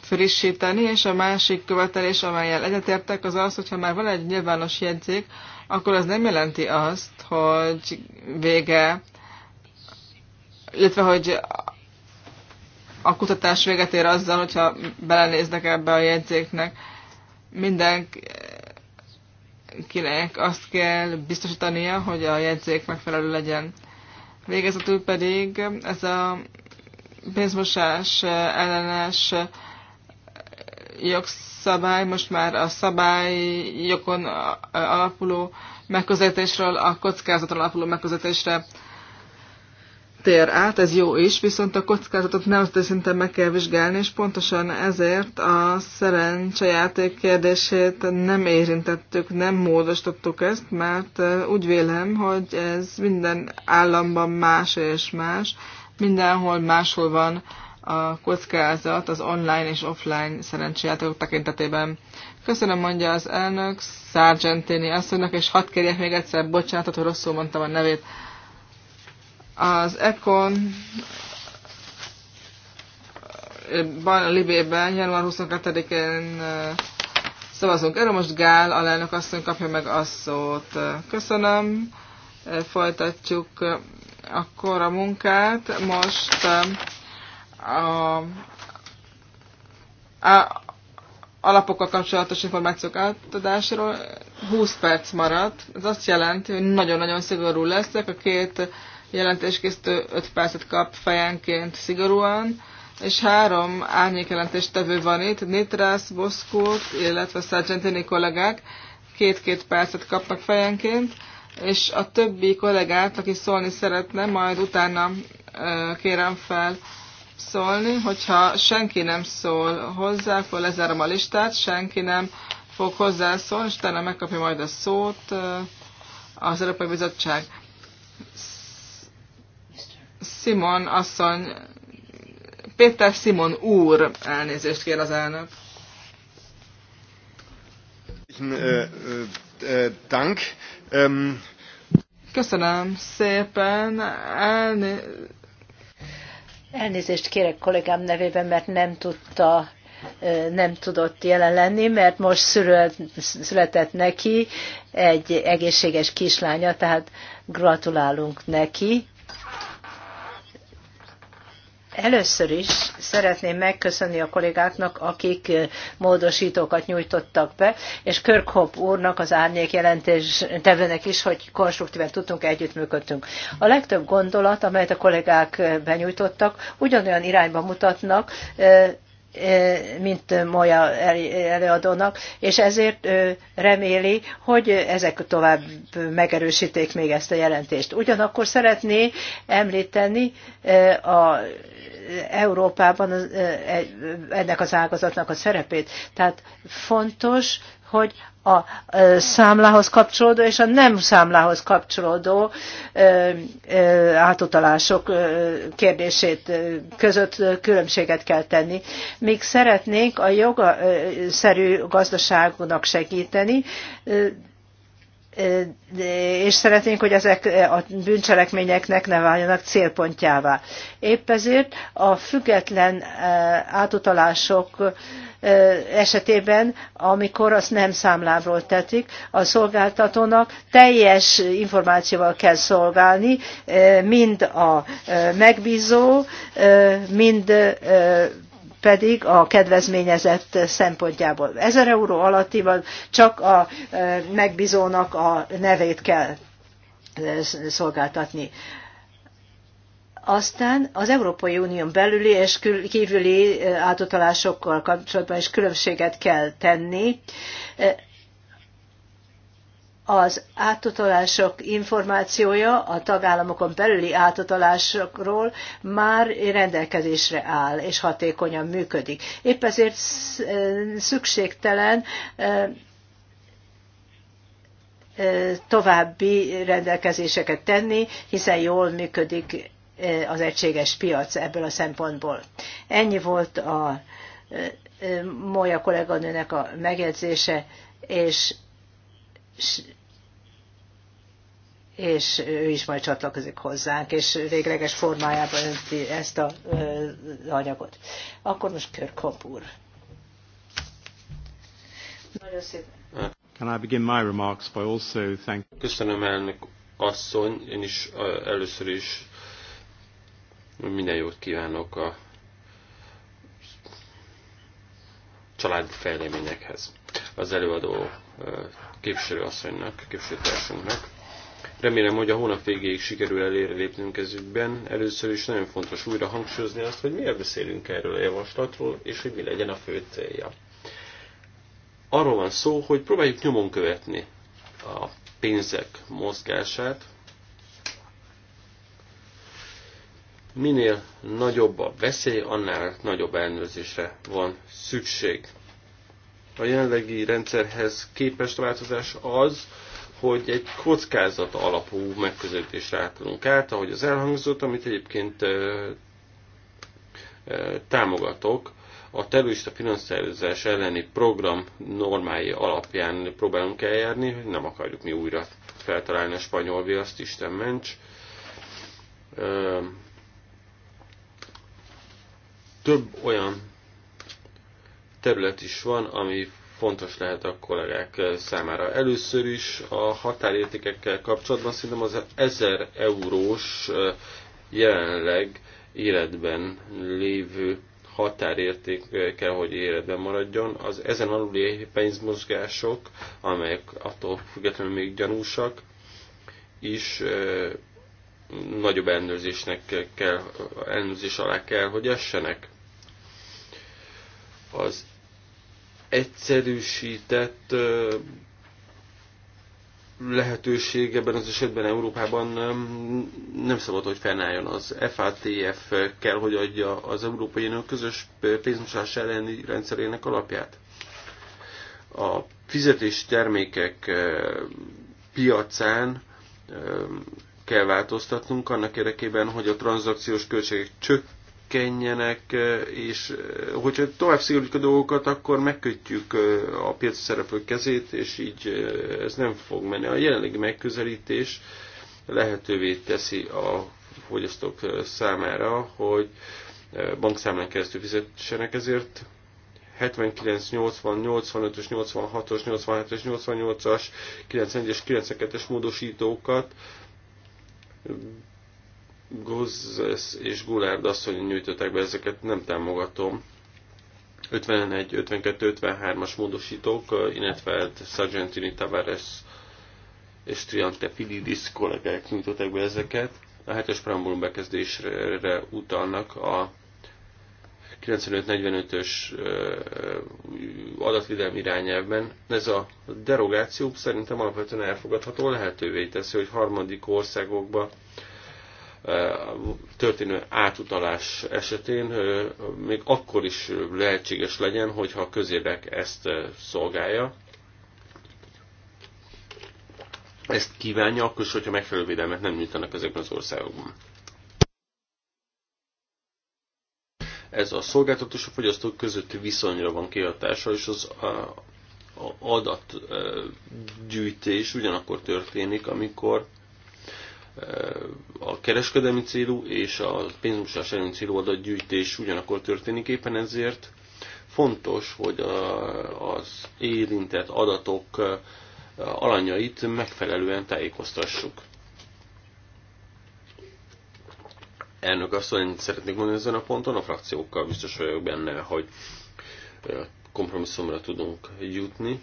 frissíteni, és a másik követelés, amelyel egyetértek, az az, hogyha már van egy nyilvános jegyzék, akkor az nem jelenti azt, hogy vége, illetve hogy a kutatás véget ér azzal, hogyha belenéznek ebbe a jegyzéknek. Mindenkinek azt kell biztosítania, hogy a jegyzék megfelelő legyen. Végezetül pedig ez a pénzmosás ellenes jogszabály most már a szabályokon alapuló megközelítésről a kockázatról alapuló megközelítésre tér át, ez jó is, viszont a kockázatot nem szinten meg kell vizsgálni, és pontosan ezért a szerencsejáték kérdését nem érintettük, nem módosítottuk ezt, mert úgy vélem, hogy ez minden államban más és más, mindenhol máshol van a kockázat az online és offline szerencsejátékok tekintetében. Köszönöm, mondja az elnök, Sargentini asszonynak, és hadd kérjek még egyszer bocsánatot, hogy rosszul mondtam a nevét. Az Econ eh, Libében január 22-én eh, szavazunk erről, most Gál lelnök asszony kapja meg a szót. Köszönöm, eh, folytatjuk akkor a munkát. Most a, a alapokkal kapcsolatos információk átadásáról 20 perc maradt. Ez azt jelenti, hogy nagyon-nagyon szigorú leszek. A két jelentéskészítő 5 percet kap fejenként szigorúan, és három árnyékjelentést tevő van itt, Nitras, Boszkurt, illetve Sargentini kollégák két-két percet kapnak fejenként, és a többi kollégát, aki szólni szeretne, majd utána kérem fel szólni. Hogyha senki nem szól hozzá, akkor lezárom a listát, senki nem fog hozzászólni, és utána megkapja majd a szót az Európai Bizottság. Simon asszony, Péter Simon úr, elnézést kér az elnök. Dank. Köszönöm szépen. elnézést. Elnézést kérek kollégám nevében, mert nem tudta nem tudott jelen lenni, mert most született neki egy egészséges kislánya, tehát gratulálunk neki Először is szeretném megköszönni a kollégáknak, akik eh, módosítókat nyújtottak be, és Körkhop úrnak, az árnyék jelentés tevőnek is, hogy konstruktíven tudtunk, együttműködtünk. A legtöbb gondolat, amelyet a kollégák eh, benyújtottak, ugyanolyan irányba mutatnak, eh, E, mint Maja előadónak, és ezért reméli, hogy ezek tovább megerősíték még ezt a jelentést. Ugyanakkor szeretné említeni e, a Európában e, ennek az ágazatnak a szerepét. Tehát fontos, hogy a számlához kapcsolódó és a nem számlához kapcsolódó átutalások kérdését között különbséget kell tenni. Még szeretnénk a jogszerű gazdaságnak segíteni, és szeretnénk, hogy ezek a bűncselekményeknek ne váljanak célpontjává. Épp ezért a független átutalások esetében, amikor azt nem számláról tetik, a szolgáltatónak teljes információval kell szolgálni, mind a megbízó, mind pedig a kedvezményezett szempontjából. 1000 euró alatti van, csak a megbízónak a nevét kell szolgáltatni. Aztán az Európai Unión belüli és kívüli átutalásokkal kapcsolatban is különbséget kell tenni az átutalások információja a tagállamokon belüli átutalásokról már rendelkezésre áll és hatékonyan működik. Épp ezért szükségtelen további rendelkezéseket tenni, hiszen jól működik az egységes piac ebből a szempontból. Ennyi volt a moya kolléganőnek a megjegyzése, és és ő is majd csatlakozik hozzánk, és végleges formájában önti ezt a anyagot. Akkor most Körkamp úr. Nagyon szépen. Can I begin my remarks by also thank... Köszönöm elnök asszony, én is először is minden jót kívánok a családi fejleményekhez. Az előadó képviselőasszonynak, képviselőtársunknak Remélem, hogy a hónap végéig sikerül elérni lépnünk ez ügyben. Először is nagyon fontos újra hangsúlyozni azt, hogy miért beszélünk erről a javaslatról, és hogy mi legyen a fő célja. Arról van szó, hogy próbáljuk nyomon követni a pénzek mozgását, minél nagyobb a veszély, annál nagyobb ellenőrzésre van szükség. A jelenlegi rendszerhez képest változás az, hogy egy kockázat alapú megközelítésre átadunk át, ahogy az elhangzott, amit egyébként támogatok, a terrorista finanszírozás elleni program normái alapján próbálunk eljárni, hogy nem akarjuk mi újra feltalálni a spanyol viaszt, Isten ments. Több olyan terület is van, ami fontos lehet a kollégák számára. Először is a határértékekkel kapcsolatban szerintem az 1000 eurós jelenleg életben lévő határérték kell, hogy életben maradjon. Az ezen aluli pénzmozgások, amelyek attól függetlenül még gyanúsak, is nagyobb ellenőrzésnek kell, ellenőrzés alá kell, hogy essenek. Az egyszerűsített lehetőség ebben az esetben Európában nem szabad, hogy fennálljon. Az FATF kell, hogy adja az Európai Unió közös pénzmosás elleni rendszerének alapját. A fizetés termékek piacán kell változtatnunk annak érdekében, hogy a tranzakciós költségek csökkenjenek, csökkenjenek, és hogyha tovább szigorítjuk a dolgokat, akkor megkötjük a piaci szereplők kezét, és így ez nem fog menni. A jelenlegi megközelítés lehetővé teszi a fogyasztók számára, hogy bankszámlán keresztül fizessenek ezért 79, 80, 85-ös, 86-os, 87-es, 88-as, 91-es, 92-es módosítókat Gózes és Gulárd asszony nyújtották be ezeket, nem támogatom. 51, 52, 53-as módosítók, uh, illetve Sargentini Tavares és Triante Pididis kollégák nyújtották be ezeket. A 7-es preambulum bekezdésre utalnak a 95-45-ös uh, adatvédelmi irányelvben. Ez a derogáció szerintem alapvetően elfogadható lehetővé teszi, hogy harmadik országokba történő átutalás esetén még akkor is lehetséges legyen, hogyha a közérdek ezt szolgálja. Ezt kívánja, akkor is, hogyha megfelelő védelmet nem nyújtanak ezekben az országokban. Ez a szolgáltató a fogyasztók közötti viszonyra van kihatása, és az adatgyűjtés ugyanakkor történik, amikor a kereskedelmi célú és a pénzmosás elleni célú adatgyűjtés ugyanakkor történik éppen ezért. Fontos, hogy az érintett adatok alanyait megfelelően tájékoztassuk. Elnök hogy szeretnék mondani ezen a ponton, a frakciókkal biztos vagyok benne, hogy kompromisszumra tudunk jutni,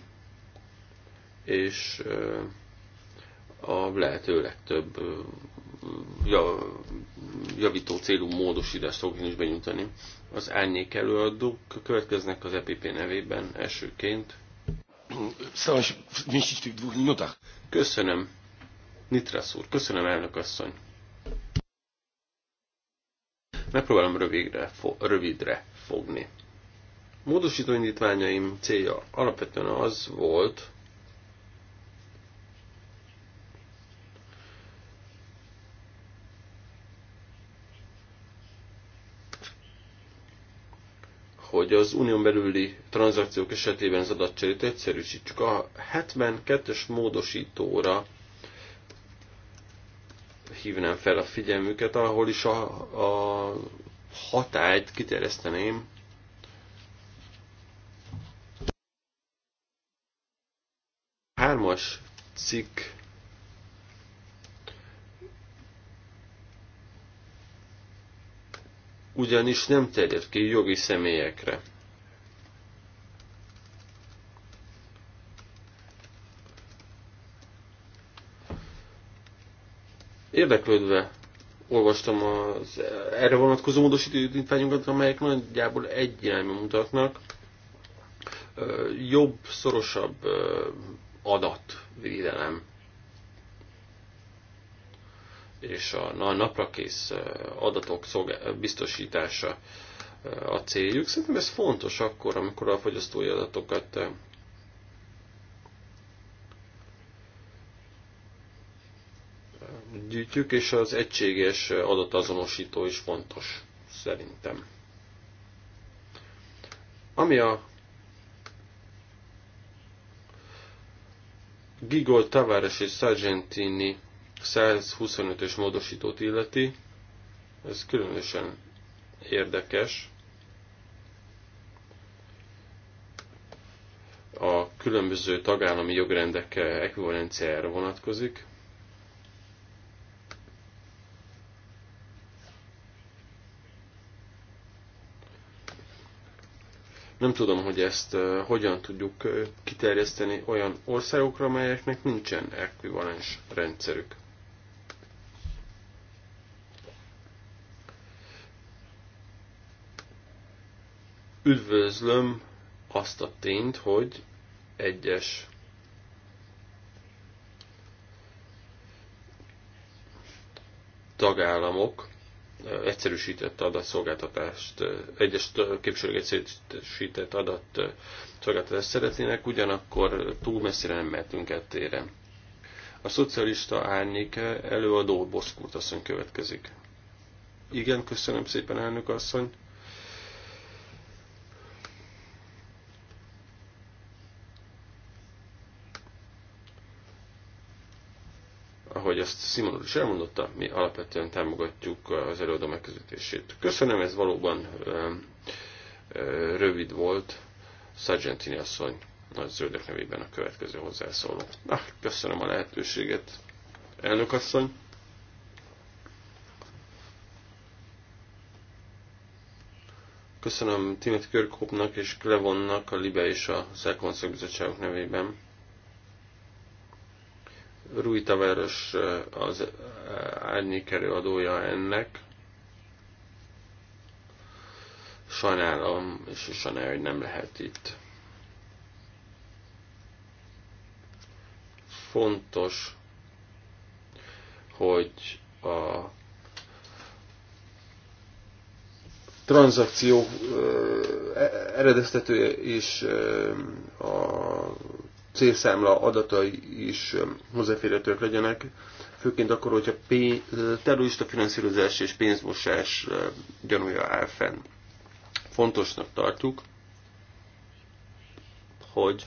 és a lehető legtöbb javító célú módosítást fogok is benyújtani. Az árnyék előadók következnek az EPP nevében elsőként. Köszönöm, Nitrasz úr, köszönöm, elnök asszony. Megpróbálom rövidre, fo rövidre fogni. Módosító indítványaim célja alapvetően az volt, hogy az unión belüli tranzakciók esetében az adatcserét egyszerűsítsük. A 72-es módosítóra hívnám fel a figyelmüket, ahol is a, a hatályt kiterjeszteném hármas cikk ugyanis nem terjed ki jogi személyekre. Érdeklődve olvastam az erre vonatkozó módosítványokat, amelyek nagyjából egy irányba mutatnak. Jobb, szorosabb adatvédelem és a naprakész adatok biztosítása a céljuk. Szerintem ez fontos akkor, amikor a fogyasztói adatokat gyűjtjük, és az egységes adatazonosító is fontos, szerintem. Ami a Gigol Tavares és Sargentini 125-ös módosítót illeti, ez különösen érdekes. A különböző tagállami jogrendek ekvivalenciájára vonatkozik. Nem tudom, hogy ezt eh, hogyan tudjuk eh, kiterjeszteni olyan országokra, amelyeknek nincsen ekvivalens rendszerük. Üdvözlöm azt a tényt, hogy egyes tagállamok egyszerűsített adatszolgáltatást, egyes képviselők egyszerűsített szolgáltatást szeretnének, ugyanakkor túl messzire nem mehetünk ettére. A szocialista árnyék előadó Boszkurt asszony következik. Igen, köszönöm szépen, elnök asszony. Simon is elmondotta, mi alapvetően támogatjuk az előadó megközelítését. Köszönöm, ez valóban ö, ö, rövid volt. Sargentini asszony a zöldök nevében a következő hozzászóló. Na, köszönöm a lehetőséget, elnök asszony. Köszönöm Timothy Körkópnak és Clevonnak, a Libe és a Szerkonszak Bizottságok nevében Rui Taveros eh, az eh, árnyékerő adója ennek. Sajnálom, és sajnálom, hogy nem lehet itt. Fontos, hogy a tranzakció eh, eredeztető és a célszámla adatai is um, hozzáférhetők legyenek, főként akkor, hogyha pénz, terrorista finanszírozás és pénzmosás uh, gyanúja áll fenn. Fontosnak tartjuk, hogy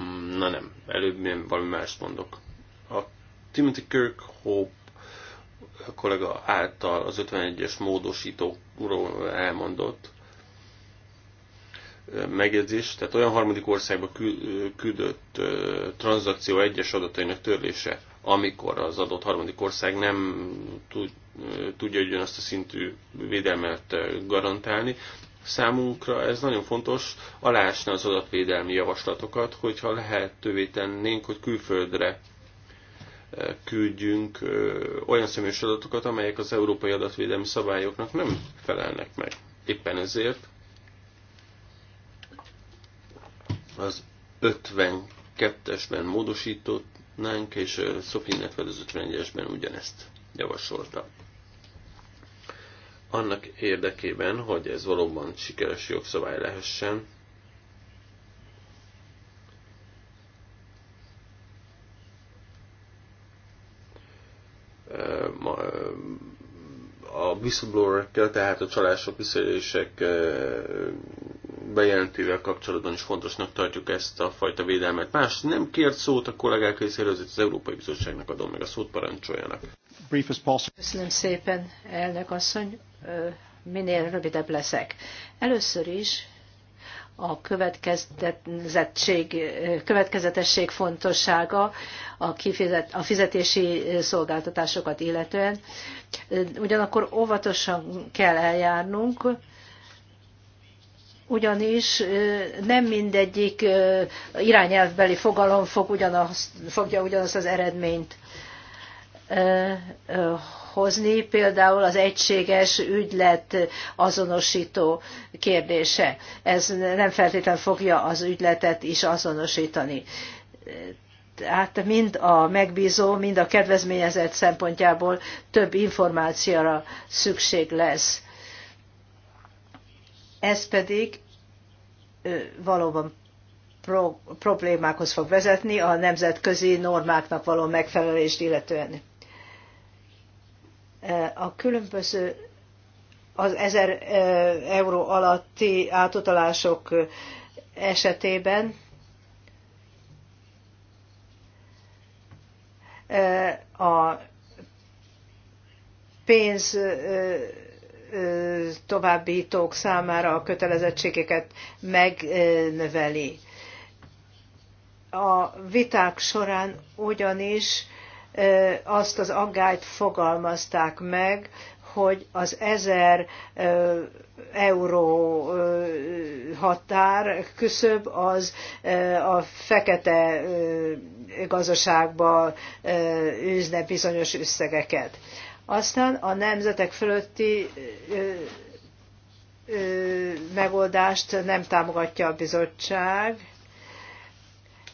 mm, na nem, előbb én valami más mondok. A Timothy Hope kollega által az 51-es módosítóról elmondott, megjegyzés, tehát olyan harmadik országba küldött tranzakció egyes adatainak törlése, amikor az adott harmadik ország nem tud, tudja hogy azt a szintű védelmet garantálni. Számunkra ez nagyon fontos, alásna az adatvédelmi javaslatokat, hogyha lehetővé tennénk, hogy külföldre küldjünk olyan személyes adatokat, amelyek az európai adatvédelmi szabályoknak nem felelnek meg. Éppen ezért az 52-esben módosítottnánk, és Sophie Netvel az 51-esben ugyanezt javasolta. Annak érdekében, hogy ez valóban sikeres jogszabály lehessen, a whistleblower tehát a csalások, visszaélések bejelentével kapcsolatban is fontosnak tartjuk ezt a fajta védelmet. Más nem kért szót a kollégák részéről, ezért az Európai Bizottságnak adom meg a szót, parancsoljanak. possible. Köszönöm szépen, elnök asszony. Minél rövidebb leszek. Először is a következetesség, következetesség fontossága a, kifizet, a fizetési szolgáltatásokat illetően. Ugyanakkor óvatosan kell eljárnunk, ugyanis nem mindegyik irányelvbeli fogalom fog ugyanaz, fogja ugyanazt az eredményt hozni, például az egységes ügylet azonosító kérdése. Ez nem feltétlenül fogja az ügyletet is azonosítani. Tehát mind a megbízó, mind a kedvezményezett szempontjából több információra szükség lesz ez pedig valóban pro- problémákhoz fog vezetni a nemzetközi normáknak való megfelelést illetően. A különböző az 1000 euró alatti átutalások esetében a pénz továbbítók számára a kötelezettségeket megnöveli. A viták során ugyanis azt az aggályt fogalmazták meg, hogy az ezer euró határ küszöb az a fekete gazdaságba űzne bizonyos összegeket. Aztán a nemzetek fölötti megoldást nem támogatja a bizottság.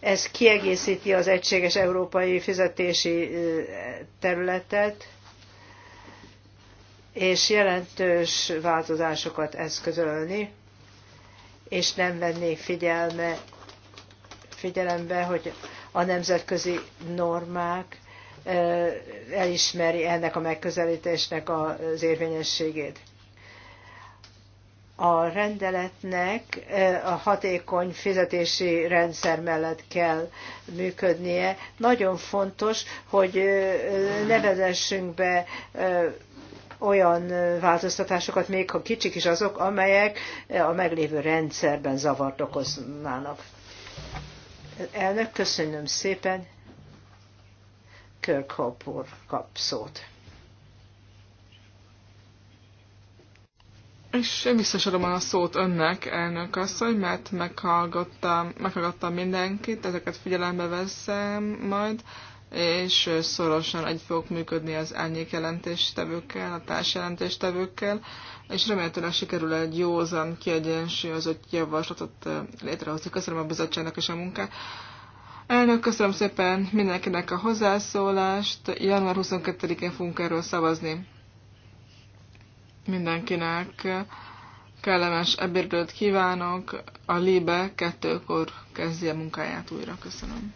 Ez kiegészíti az egységes európai fizetési területet, és jelentős változásokat eszközölni, és nem venni figyelme, figyelembe, hogy a nemzetközi normák elismeri ennek a megközelítésnek az érvényességét. A rendeletnek eh, a hatékony fizetési rendszer mellett kell működnie. Nagyon fontos, hogy eh, ne vezessünk be eh, olyan változtatásokat, még ha kicsik is azok, amelyek a meglévő rendszerben zavart okoznának. Elnök, köszönöm szépen. Kirkhope úr kap szót. És visszasorom a szót önnek, elnök asszony, mert meghallgattam, meghallgattam mindenkit, ezeket figyelembe veszem majd, és szorosan egy fogok működni az elnyék jelentéstevőkkel, a társjelentéstevőkkel, és remélhetőleg sikerül egy józan, kiegyensúlyozott javaslatot eh, létrehozni. Köszönöm a bizottságnak és a munkát. Elnök, köszönöm szépen mindenkinek a hozzászólást. Január 22-én fogunk erről szavazni. Mindenkinek kellemes ebédlőt kívánok. A Libe kettőkor kezdi a munkáját újra. Köszönöm.